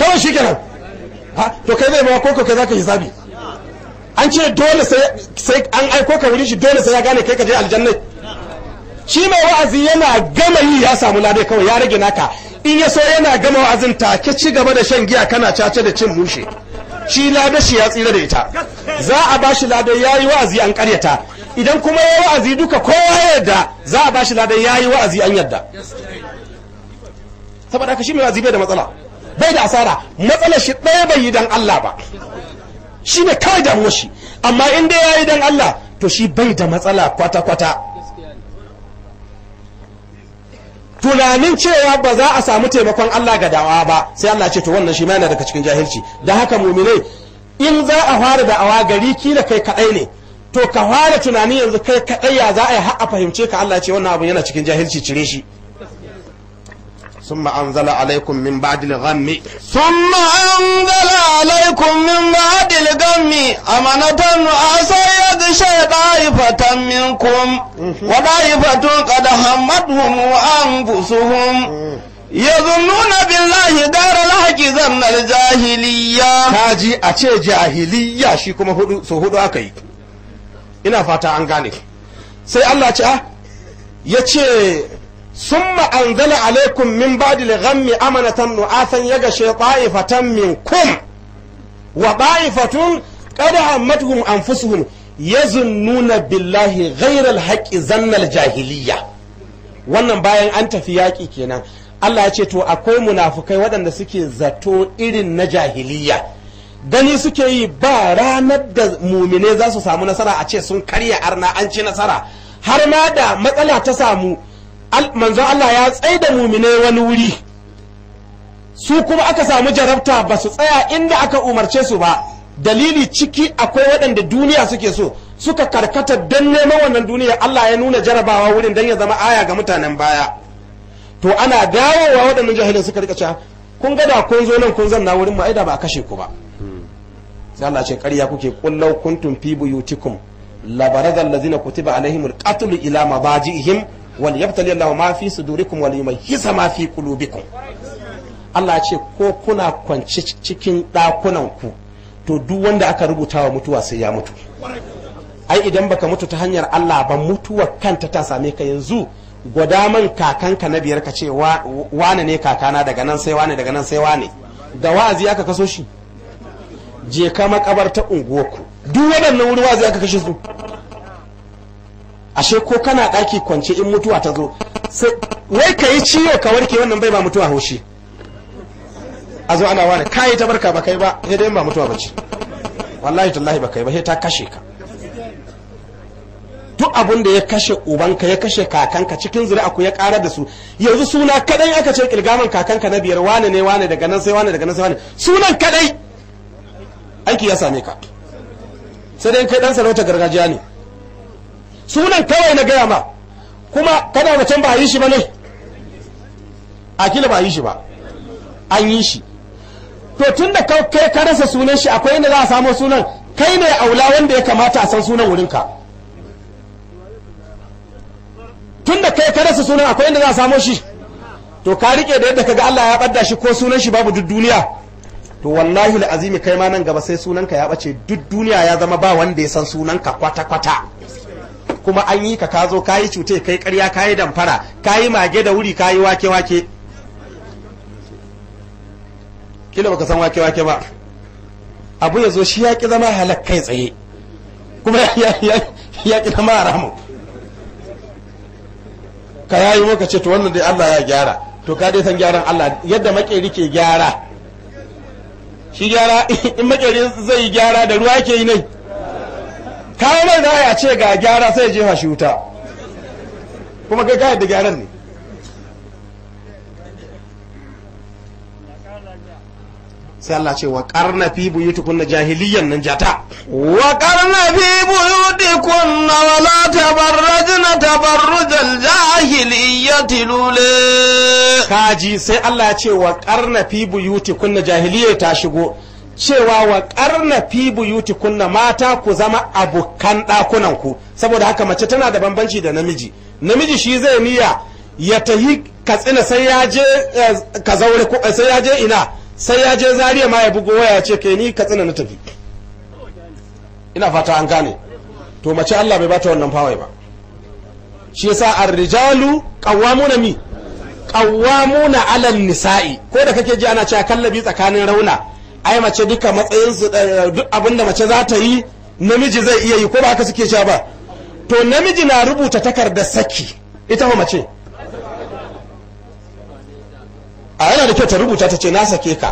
kawai shi kenan to kai zai ba ko za ka hisabi an ce dole sai an aiko ka wuri shi dole sai ya gane kai ka je aljanna shi mai wa'azi yana gama yi ya samu lade kawai ya rage naka in ya so yana gama wa'azin ta take ci gaba da shan giya kana cace da cin mushe shi lada shi ya tsira da ita za a ba shi lada ya yi wa'azi an karyata idan kuma ya wa'azi duka kowa yadda za a ba shi lada ya yi wa'azi an yadda saboda ka shi mai wa'azi bai da matsala bai da asara matsalar shi ɗaya bai yi dan Allah ba shi ne kawai damuwar shi amma in dai yayi dan Allah to shi bai da matsala kwata-kwata tunanin cewa ba za a samu taimakon Allah ga dawa ba sai Allah ce to wannan shi ma yana daga cikin jahilci da haka muminai in za a fara da'awa gari kila kai kadai ne to ka fara tunani yanzu kai kadai ya za a yi har a fahimce ka Allah ce wannan abun yana cikin jahilci cire shi ثم أنزل عليكم من بعد الغم ثم أنزل عليكم من بعد الغم أمنة وعسى يغشى طائفة منكم وطائفة قد همتهم أنفسهم يظنون بالله دار الحق ظن الجاهلية كاجي أتي جاهلية شي كما هدو سو هدو أكي إنا فاتا أنغاني سي الله تعالى يتي summa anzala alaikum min ba'dil ghammi amanatan nu'asan yagashe ta'ifatan minkum wa ta'ifatun qad hammatuhum anfusuhum yazunnuna billahi ghayra alhaqqi zannal jahiliya wannan bayan an tafi yaƙi kenan Allah ya ce to akwai munafukai waɗanda suke zato irin na jahiliya gani suke yi ba ranar da mumine za su samu nasara a ce sun karya arna an ci nasara har ma da matsala ta samu manzon Allah ya tsaye da muminai wani wuri su kuma aka samu jarabta ba su tsaya inda aka umarce su ba dalili ciki akwai waɗanda duniya suke so suka karkata don neman wannan duniya Allah ya nuna jarabawa wurin don ya zama aya ga mutanen baya to ana dawowa waɗannan jahilin suka rika cewa kun ga da kun zo nan kun zanna wurin mu ai da ba a kashe ku ba sai Allah ce ƙarya kuke kullau kuntum fi buyutikum labarazal ladzina kutiba alaihimul qatl ila mabajihim ya yabtali Allah ma fi sudurikum wal hisa ma fi qulubikum Allah ce ko kuna kwance cikin ɗakunan ku to duk wanda aka rubuta wa mutuwa sai ya mutu ai idan baka mutu ta hanyar Allah ba mutuwa kanta ta same ka yanzu gwada man kakanka na biyar ka ce wane ne kakana daga nan sai wane daga nan sai wane da wazi aka kaso shi je ka makabarta unguwarku duk waɗannan wuri wazi aka kashe su ashe ko kana daki kwance in mutuwa ta zo wai ka yi ciwo ka warke wannan bai ba mutuwa haushi a zo ana wani kayi ta barka ba kai ba sai dai ba mutuwa ba ce wallahi tallahi ba kai ba sai ta kashe ka duk abin da ya kashe ubanka ya kashe kakanka cikin zuri'a ku ya ƙara da su yanzu suna kadai aka ce kilgaman kakanka na biyar wane ne wane daga nan sai wane daga nan sai wane sunan kadai aiki ya same ka sai dai kai dan sarauta gargajiya ne sunan kawai na gaya ma kuma kana da can ba a yi shi ba ne a ba a yi shi ba an yi shi to tun da kai ka rasa sunan shi akwai inda za a samu sunan kai ne aula wanda ya kamata a san sunan wurinka tun da kai ka rasa sunan akwai inda za a samu shi to ka rike da yadda kaga Allah ya badda shi ko sunan shi babu duk duniya to wallahi alazimi kai ma nan gaba sai sunanka ya bace duk duniya ya zama ba wanda ya san sunanka kwata kwata kuma an yi ka kazo kayi cute kai karya kayi damfara kayi mage da wuri kayi wake wake kila baka san wake wake ba abu ya zo shi ya ki zama halak kai tsaye kuma ya ki zama haramun ka yayi maka ce to wannan dai Allah ya gyara to ka dai san gyaran Allah yadda makeri ke gyara shi gyara in makeri zai gyara da ruwa ke yi ne kawo mai da a ce ga gyara sai jefa shi wuta kuma kai kayar da gyaran ne sai Allah ce wa karna fi buyutu na jahiliyan nan jata wa karna fi buyutukun na wala tabarrajna tabarrujal jahiliyyati lule kaji sai Allah ya ce wa karna fi buyutukun na jahiliyya ta shigo cewa wa ƙarna fi buyuti kunna mata ku zama abokan ɗakunanku. saboda haka mace tana da bambanci da namiji namiji shi zai niyya ya tahi katsina sai ya je eh, kazaure eh, sai ya je ina sai ya je zariya ma ya bugo waya ce ke ni katsina na tafi ina fata an gane to mace Allah bai bata wannan fawai ba shi yasa ar-rijalu qawwamuna mi qawwamuna 'ala nisa'i ko da kake ji ana cewa kallabi tsakanin rauna ai mace duka matsayin su eh, duk abinda mace za ta yi namiji zai iya yi ko ba haka suke cewa ba to namiji na rubuta takardar saki ita ma mace a yana da kyau ta rubuta ta ce na sake ka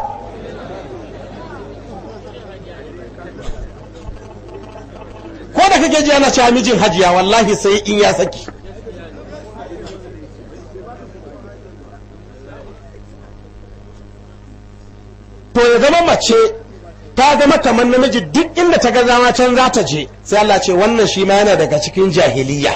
ko da kake ji ana cewa mijin hajiya wallahi sai in ya saki to ya zama mace ta zama kamar namiji duk inda ta ga zama can za ta je sai Allah ce wannan shi ma yana daga cikin jahiliya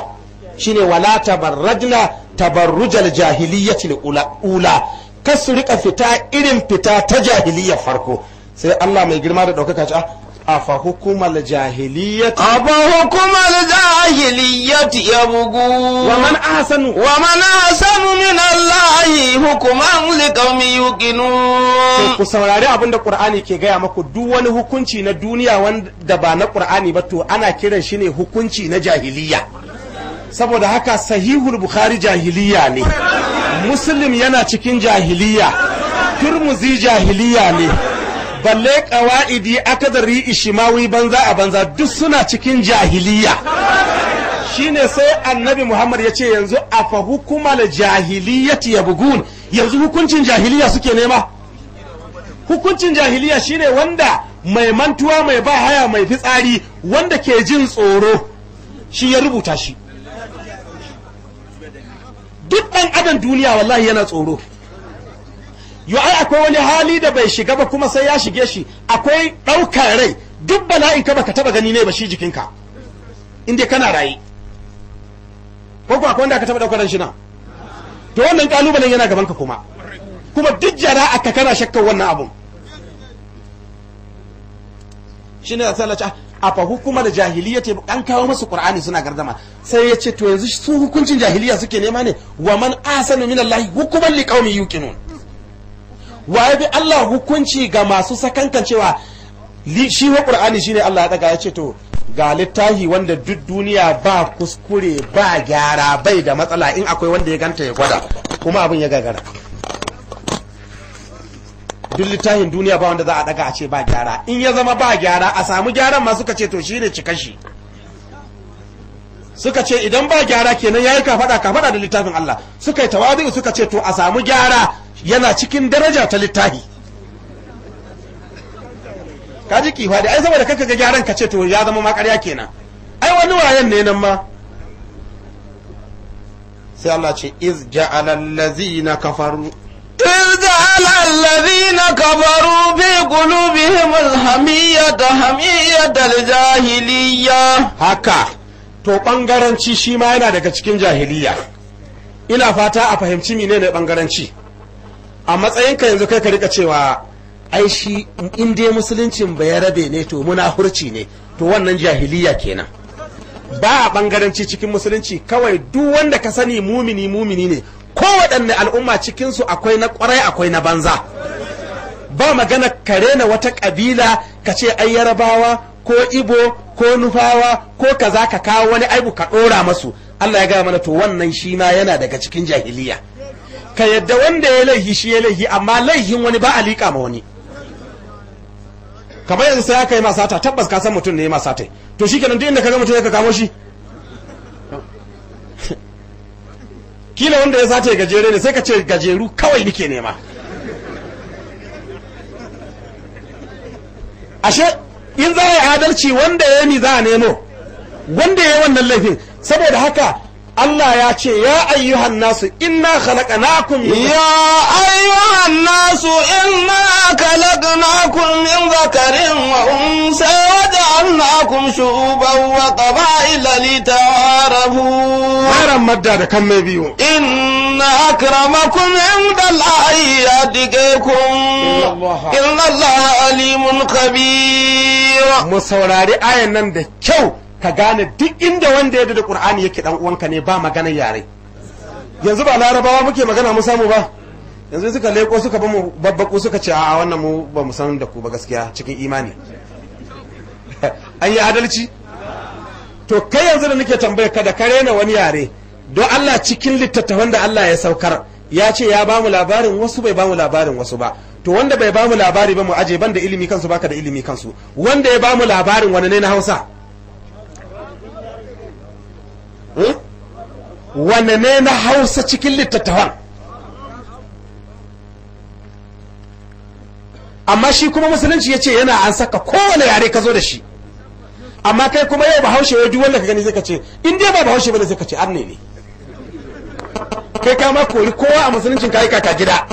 shine wala tabarrajna tabarrujal jahiliyyati ula ula kasu rika fita irin fita ta jahiliya farko sai Allah mai girma da ɗaukaka ce ah, afa hukumar jahiliyyati afa hukumar jahiliyyati ya bugu wa man ahsanu wa man ahsanu min allahi hukuman liqaumin yuqinun ku saurari abin da qur'ani ke gaya maku duk wani hukunci na duniya wanda ba na qur'ani ba to ana kiran shi ne hukunci na jahiliya. saboda haka sahihul bukhari jahiliya ne muslim yana cikin jahiliya turmuzi jahiliya ne balle ƙawa'idi akadari ishimawi banza a banza duk suna cikin jahiliya shine sai annabi muhammad ya ce yanzu a fa hukumar jahiliyyati ya bugun yanzu hukuncin jahiliya suke nema hukuncin jahiliya shine wanda mai mantuwa mai ba haya mai fitsari wanda ke jin tsoro shi ya rubuta shi duk ɗan adam duniya wallahi yana tsoro yo ai akwai wani hali da bai shiga ba kuma sai ya shige shi akwai ɗaukar rai duk bala'in ka baka taba gani ne ba shi jikinka inda kana raye ko kuma akwai wanda ka taba ɗaukar ran shi na to wannan kalubalen yana gaban ka kuma kuma duk jara'a ka kana shakkar wannan abun shine ah, da sallaci a fa da jahiliya ce an kawo masu qur'ani suna gardama sai ya ce to yanzu su hukuncin jahiliya suke nema ne wa man asanu minallahi hukuman liqaumi yuqinun waye bi Allah hukunci ga masu sakankan cewa shi wa Qur'ani shine Allah ya daga ya ce to ga littahi wanda duk duniya ba kuskure ba gyara bai da matsala in akwai wanda ya ganta ya gwada kuma abin ya gagara duk littafin duniya ba wanda za a daga a ce ba gyara in ya zama ba gyara a samu gyaran ma suka ce to shine shi suka ce idan ba gyara kenan yayi ka fada ka fada da littafin Allah suka yi tawadu suka ce to a samu gyara yana cikin daraja ta littafi ka ji kifa da ai saboda kanka ga gyaran ka ce to ya zama ma ƙarya kenan ai wani wayan ne nan ma sai Allah ce iz ja'ala allazina kafaru iz ja'ala allazina kafaru bi qulubihim alhamiyata hamiyata aljahiliya haka to bangaranci shi ma yana daga cikin jahiliya ina fata a fahimci menene bangaranci a matsayinka yanzu kai ka rika cewa ai shi in dai musuluncin bai rabe ne to muna hurci ne to wannan jahiliya kenan ba a bangaranci cikin musulunci kawai duk wanda ka sani mumini mumini ne ko waɗanne al'umma cikinsu akwai na ƙwarai akwai na banza ba magana ka rena wata kabila ka ce ai yarabawa ko ibo ko nufawa ko kaza ka kawo wani aibu ka ɗora masu allah ya gaya mana to wannan shi ma yana daga cikin jahiliya ka yadda wanda ya laihi shi ya laihi amma laihin wani ba a liƙa ma wani kamar yanzu sai aka yi ta tabbas ka san mutum ne ta to shi kenan duk inda ka ga mutum ya ka kamo shi kila wanda ya sace gajere ne sai ka ce gajeru kawai nike nema ashe in za a yi adalci wanda ya ni za a nemo wanda ya yi wannan laifin saboda haka Allah ya ce ya ayyuhan nasu inna khalaqnakum ya ayyuhan nasu inna khalaqnakum min dhakarin wa unsa wa ja'alnakum shu'uban wa qaba'ila lita'arafu haram madda da kan mai biyu inna akramakum inda Allahi kun inna Allah alimun khabir mu saurari ayan nan da kyau ka gane duk inda wanda ya da Qur'ani yake dan uwanka ne ba maganar yare yanzu ba larabawa muke magana mu samu ba yanzu suka leko suka ba mu babbaku suka ce a wannan mu ba mu san da ku ba gaskiya cikin imani an yi adalci to kai yanzu da nake tambayar ka da ka rena wani yare don Allah cikin littattafan da Allah ya saukar ya ce ya ba mu labarin wasu bai ba mu labarin wasu ba to wanda bai ba mu labari ba mu aje ban da ilimi kansu baka da ilimi kansu wanda ya ba mu labarin wani ne na Hausa wane ne na hausa cikin littattafan amma shi kuma musulunci ya ce yana an saka kowane yare ka zo da shi amma kai kuma yau ba haushe wai duk wanda ka gani zai kace ce in dai ba ba haushe bane zai kace an ne kai ka ma kori kowa a musuluncin ka yi kaka gida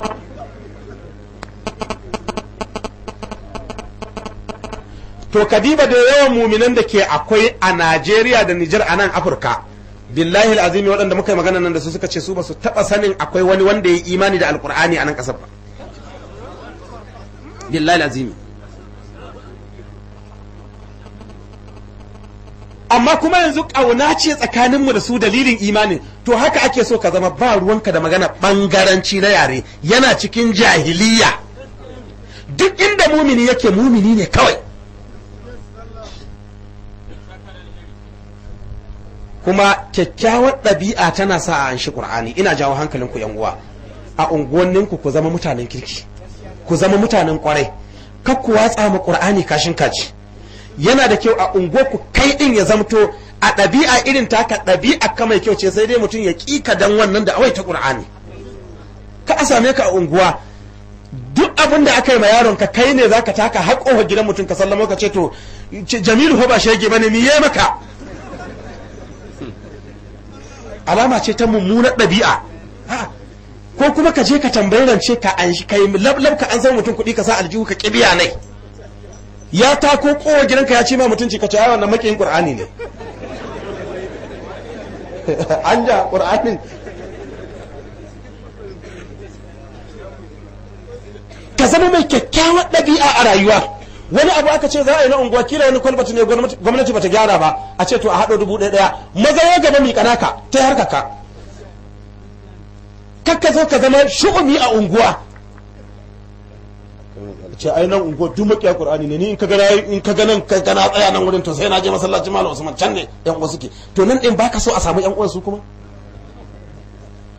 to kadiba da yawan muminan da ke akwai a najeriya da nijar a nan afirka billahi al'azimi waɗanda muka yi magana nan da su suka ce su ba su taɓa sanin akwai wani wanda ya yi imani da alkur'ani a nan ƙasar ba billahi al'azimi. amma kuma yanzu ƙauna ce tsakaninmu da su dalilin imani to haka ake so ka zama ba ruwanka da magana ɓangaranci na yare yana cikin jahiliya duk inda mumini yake mumini ne kawai kuma kyakkyawar ɗabi'a tana sa a anshi ƙur'ani ina jawo hankalin ku uwa a unguwanninku ku zama mutanen kirki ku zama mutanen ƙwarai kar ku watsa ma ƙur'ani kashin kaci yana da kyau a unguwarku kai ɗin ya zamto a ɗabi'a irin taka ɗabi'a ka mai kyau ce sai dai mutum ya ƙi ka dan wannan da awai ta ƙur'ani ka a same ka a unguwa duk abin da aka yi ma yaron ka kai ne zaka taka haƙƙo wa gidan mutum ka sallama ka ce to jamilu ho ba shege bane me ye maka alama ce ta mummunar ɗabi'a ko kuma ka je ka tambayi rance ka an shi kai lablab ka an san mutum kuɗi ka sa aljihu ka ƙibiya nai ya tako kowa gidanka ya ce ma mutunci ka ce ai wannan makin ƙur'ani ne an ja ƙur'ani ka zama mai kyakkyawar ɗabi'a a rayuwa wani abu aka ce za a yi na unguwa kila wani kwalbati ne gwamnati bata gyara ba a ce to a haɗo dubu ɗaya ɗaya maza ya gaba miƙa ka ta harka ka kakka zo ka zama shu'umi a unguwa ce ai nan unguwa duk makiya qur'ani ne ni in ka gana in ka ga nan ka tsaya nan wurin to sai na je masallaci malam Usman can ne yan uwa suke to nan din baka so a samu yan uwan su kuma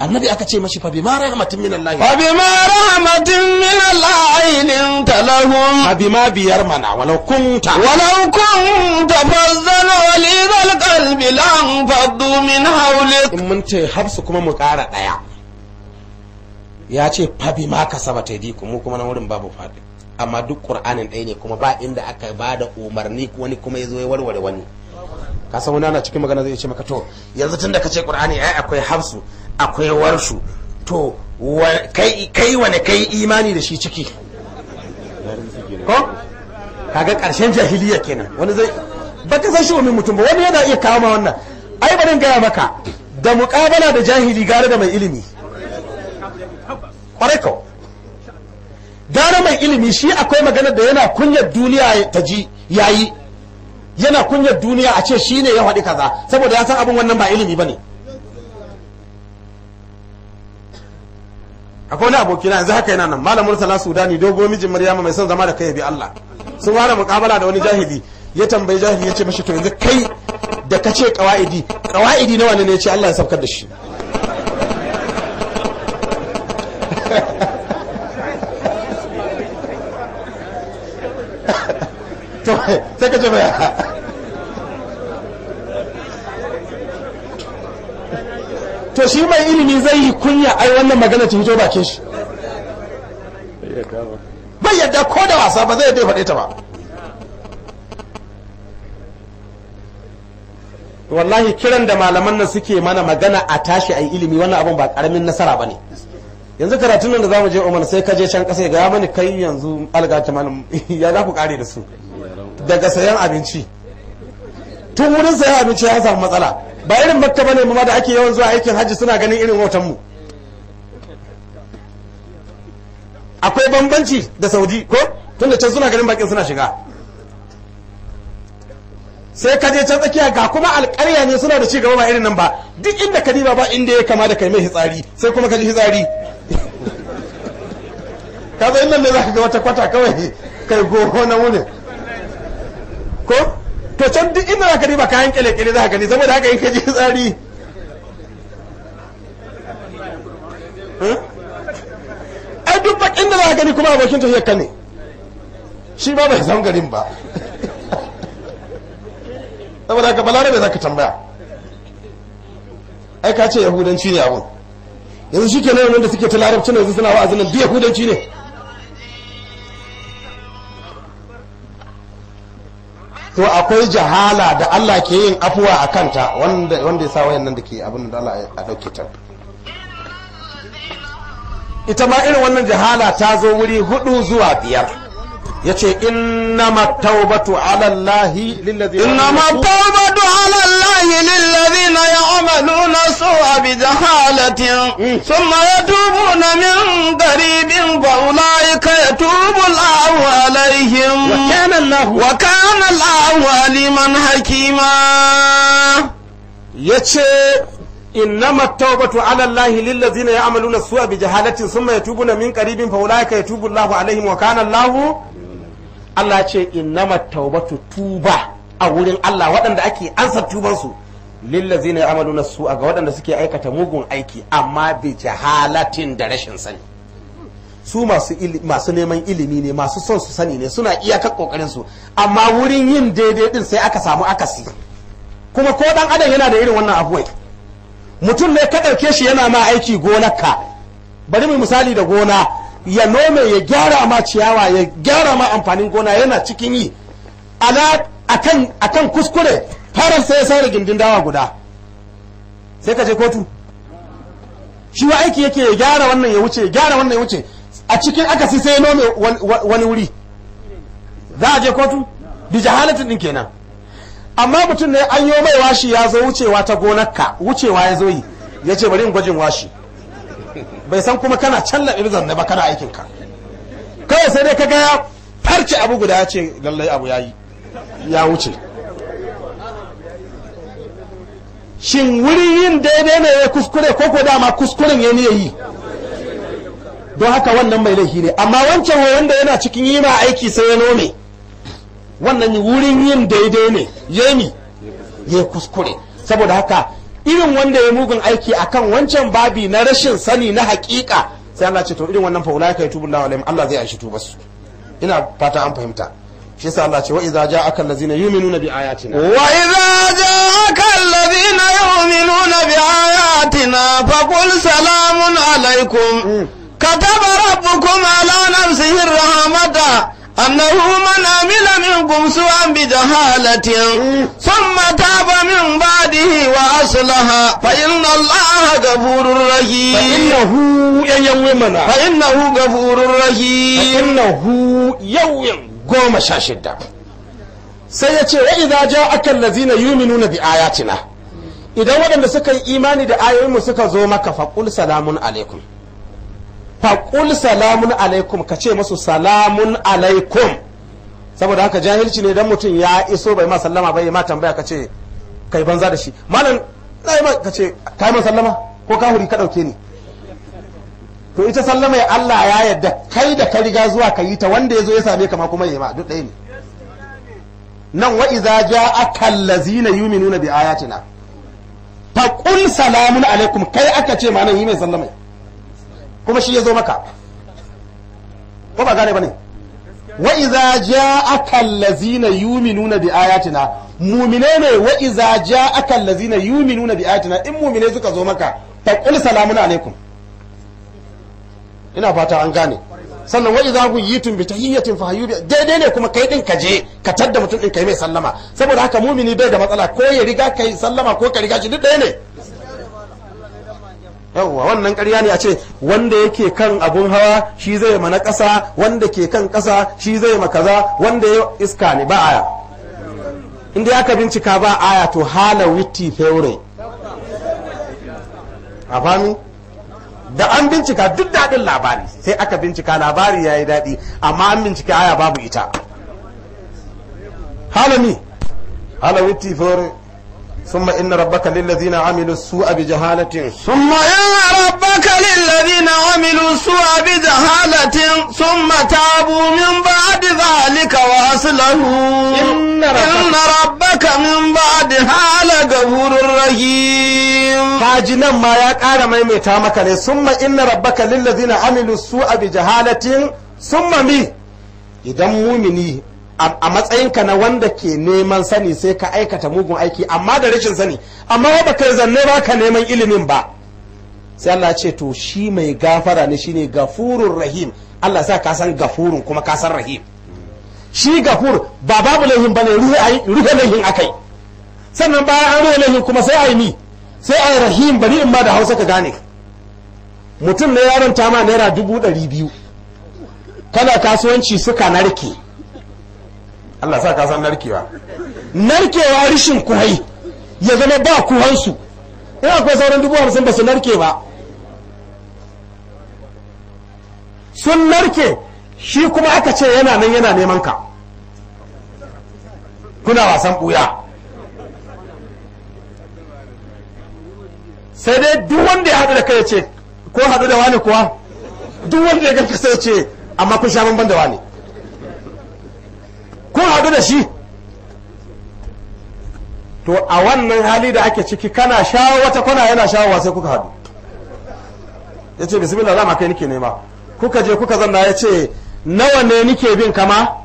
annabi aka ce mashi fabima rahmatin min Allah ma rahmatin min Allah ainin talahum ma biyar mana walau kunta walau kunta fazzan walidal qalbi lam faddu min hawlik in mun ce habsu kuma mu kara daya ya ce ma kasaba taidiku mu kuma nan wurin babu fadi amma duk qur'anin dai ne kuma ba inda aka bada umarni wani kuma ya zo ya warware wani ka san wani ana cikin magana zai ce maka to yanzu tunda kace ce qur'ani ai akwai habsu akwai warsu to kai wane kai imani da shi ciki ko kaga karshen jahiliya kenan wani zai baka san shi mutum ba wani yana iya kawo ma wannan ai barin gaya maka da muƙabala da jahili gare da mai ilimi kwarai ko. gane mai ilimi shi akwai magana da yana kunyar duniya ta ji yayi yana kunyar duniya a ce shi ne ya faɗi kaza saboda ya san abin wannan ba ilimi bane ne akwai wani abokina na yanzu haka yana nan malam murtala sudani dogo mijin maryama mai son zama da kai bi Allah sun fara mukabala da wani jahili ya tambayi jahili ya ce mashi to yanzu kai da ka ce kawaidi kawaidi nawa ne ne ce Allah ya saukar da shi to sai ka ce bai to shi mai ilimi zai yi kunya ai wannan magana ta hito bakin shi bai yadda ko da wasa ba zai yadda faɗe ta ba wallahi kiran da malaman nan suke mana magana a tashi a ilimi wannan abun ba karamin nasara ba ne yanzu karatun nan da zamu je Oman sai ka je can kasa ga mani kai yanzu algata malam ya za ku kare da su daga sayan abinci tun wurin sayan abinci ya samu matsala ba irin makka bane mu ma da ake yawan zuwa aikin hajji suna ganin irin watan mu akwai bambanci da saudi ko tunda can suna ganin bakin suna shiga sai ka je can tsakiya ga kuma alƙarya ne suna da cigaba ba irin nan ba duk inda ka diba ba inda ya kama da kai mai hitsari sai kuma ka ji hitsari ka zai nan ne za ka ga wata kwata kawai kai goho na wuni. to can duk inda za ka ba kayan kyalekyale za ka gani saboda haka in ka je tsari ai duk bakin da za ka gani kuma abokin tafiyar ka ne shi ba bai san garin ba saboda haka bai za ka tambaya ai ka ce yahudanci ne abun yanzu shi ke nan wanda suke ta larabci yanzu suna wa'azinan duk yahudanci ne to akwai jahala da Allah ke yin afuwa a kanta wanda ya sa wayan nan da ke abin da Allah a dauke ta ita ma irin wannan jahala ta zo wuri hudu zuwa biyar yace innama tawbatu ala allahi lilladhina innama tawbatu ya allahi lilladhina ya'maluna su'a bi jahalatin mm. thumma yatubuna min qaribin fa ulaika yatubu allahu alaihim wa kana aliman hakima. kana allahu aliman hakima yace innama tawbatu ala allahi lilladhina ya'maluna su'a bi jahalatin thumma yatubuna min qaribin fa ulaika yatubu allahu alaihim wa kana allahu Allah ce innama taubatu tuba a wurin Allah waɗanda ake ansa tubansu lilla lillazina ya'maluna su, ga waɗanda suke aikata mugun aiki amma bi jahalatin da rashin sani su masu neman ilimi ne masu son su sani ne suna iyakar kokarin su amma wurin yin daidai din sai aka samu akasi kuma ko dan adam yana da irin wannan abuwai mutum ne ka ɗauke shi yana ma aiki gonarka bari mu misali da gona ya nome ya gyara ma ciyawa ya gyara ma amfanin gona yana cikin yi a kan kuskure farar sai ya sa gindin dawa guda sai ka je kotu shi wa aiki yake ya gyara wannan ya wuce ya gyara wannan ya wuce a cikin akasi sai ya nome wani wuri za a je kotu bi jahalatin din kenan amma mutum ne an yi mai washi ya zo wucewa ta gonarka wucewa ya zo yi ya ce bari in gwajin washi bai san kuma kana callabe zanne ba kana aikin ka kawai sai dai ka gaya farce abu guda ya ce lallai abu yi ya wuce shin wurin yin daidai ne ya kuskure ko ko dama kuskuren ya niyayi don haka wannan mai laifi ne amma wancan wanda yana cikin yi ma aiki sai ya nome wannan wurin yin daidai ne yemi ya kuskure saboda haka irin wanda ya mugun aiki akan wancan babi na rashin sani na hakika sai Allah ce to irin wannan fa ulai kai tubu Allahu alaihim Allah zai aishi tubar su ina fata an fahimta shi yasa Allah ce wa idza ja'aka allazina yu'minuna bi ayatina wa idza ja'aka allazina yu'minuna bi ayatina fa qul salamun alaikum hmm. kataba rabbukum ala nafsihi rahmatan أنه من عمل منكم سوءا بجهالة ثم تاب من بعده وأصلح فإن الله غفور رحيم فإنه يومنا فإنه غفور رحيم فإنه يوم goma sha shidda sai ya ce wa'iza ja akan lazina yuminuna bi ayatina idan waɗanda suka yi imani da ayoyinmu suka zo maka faƙul salamun alaikum faƙul salamun alaikum ka ce masu salamun alaikum saboda haka jahilci ne don mutum ya iso bai ma sallama bai ma tambaya ka ce kai banza da shi malam ka ce kai ma sallama ko ka huri ka ɗauke ni to ita sallama ya Allah ya yadda kai da ka riga zuwa ka yi ta wanda ya zo ya same ka ma kuma yi ma duk ɗaya ne nan wa iza ja'aka allazina yuminuna bi ayatina faqul salamun alaikum kai aka ce ma nan yi mai sallama kuma shi ya zo maka ko ba gane ba ne wa iza ja'aka allazina yu'minuna bi ayatina mu'mine ne wa iza ja'aka allazina yu'minuna bi ayatina in mu'mine suka zo maka faqul salamun alaikum ina fata an gane sannan wa yi tun bi tahiyyatin fa hayyu daidai ne kuma kai din ka je ka tadda mutum din kai mai sallama saboda haka mumini bai da matsala ko ya riga kai sallama ko ka riga shi duk ɗaya ne yawwa wannan ƙarya ne a ce wanda yake kan abun hawa shi zai ma na ƙasa wanda ke kan ƙasa shi zai ma kaza wanda ya iska ne ba aya inda aka bincika ba aya to hala witti feure a fami da an bincika duk daɗin labari sai aka bincika labari ya yi daɗi amma an bincika aya babu ita halami hala witti feure ثم إن ربك للذين عملوا السوء بجهالة ثم إن ربك للذين عملوا السوء بجهالة ثم تابوا من بعد ذلك وأصلحوا إن ربك, إن ربك من بعدها لغفور رحيم حاجنا ما يقال ما يميتا مكاني ثم إن ربك للذين عملوا السوء بجهالة ثم مي إذا مؤمني a matsayinka na wanda ke neman sani sai ka aikata mugun aiki amma da rashin sani amma ba kai zanne ba ka neman ilimin ba sai Allah ce to shi mai gafara ne shine gafurun rahim Allah sa ka san gafurun kuma ka san rahim shi gafur ba babu laihin bane ruhe laihin akai sannan bayan an ruhe laihin kuma sai ai ni sai ai rahim bari in ma da Hausa ka gane mutum ne yaron ta naira dubu ɗari biyu kana kasuwanci suka narke Allah sa ka san narkewa narkewa rishin kuhai ya zama ba kuhansu in akwai sauran dubu hamsin ba su narke ba sun narke shi kuma aka ce yana nan yana neman ka kuna wasan ɓuya sai dai duk wanda ya haɗu da kai ce ko haɗu da wani kuwa duk wanda ya ganka sai ce amma kun sha banban da wani kun haɗu da shi to a wannan hali da ake ciki kana shawo wata kwana yana shawowa sai kuka haɗu ya ce bismillah lama kai nike nema kuka je kuka zanna ya ce nawa ne nike bin kama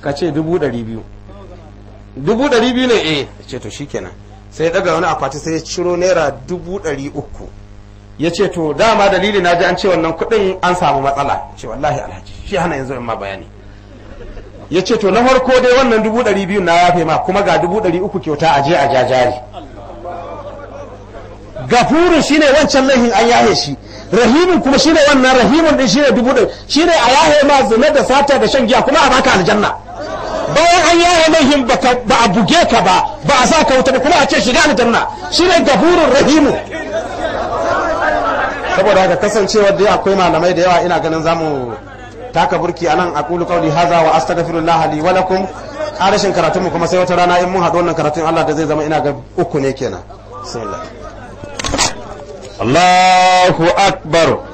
ka ce dubu ɗari biyu dubu ɗari biyu ne eh ya ce to shi kenan sai ya ɗaga wani akwati sai ya ciro naira dubu ɗari uku ya ce to dama dalili na ji an ce wannan kuɗin an samu matsala ce wallahi alhaji shi hana yanzu in ma bayani ya ce to na harko dai wannan dubu ɗari biyu na yafe ma kuma ga dubu ɗari uku kyauta a je a jajari shi shine wancan laifin an yahe shi rahimin kuma shine wannan rahimin din shine dubu ɗari shine a yahe ma zina da sata da shan giya kuma a baka aljanna bayan an yahe lahin ba a buge ka ba ba a sa ka wuta kuma a ce shiga aljanna shine gafurun rahimu saboda haka kasancewar dai akwai malamai da yawa ina ganin zamu taka burki anan aqulu qawli haza wa astaghfirullah li wa lakum karashin karatun mu kuma sai wata rana in mun haɗu wannan karatun Allah da zai zama ina ga uku ne kenan bismillah Allahu akbar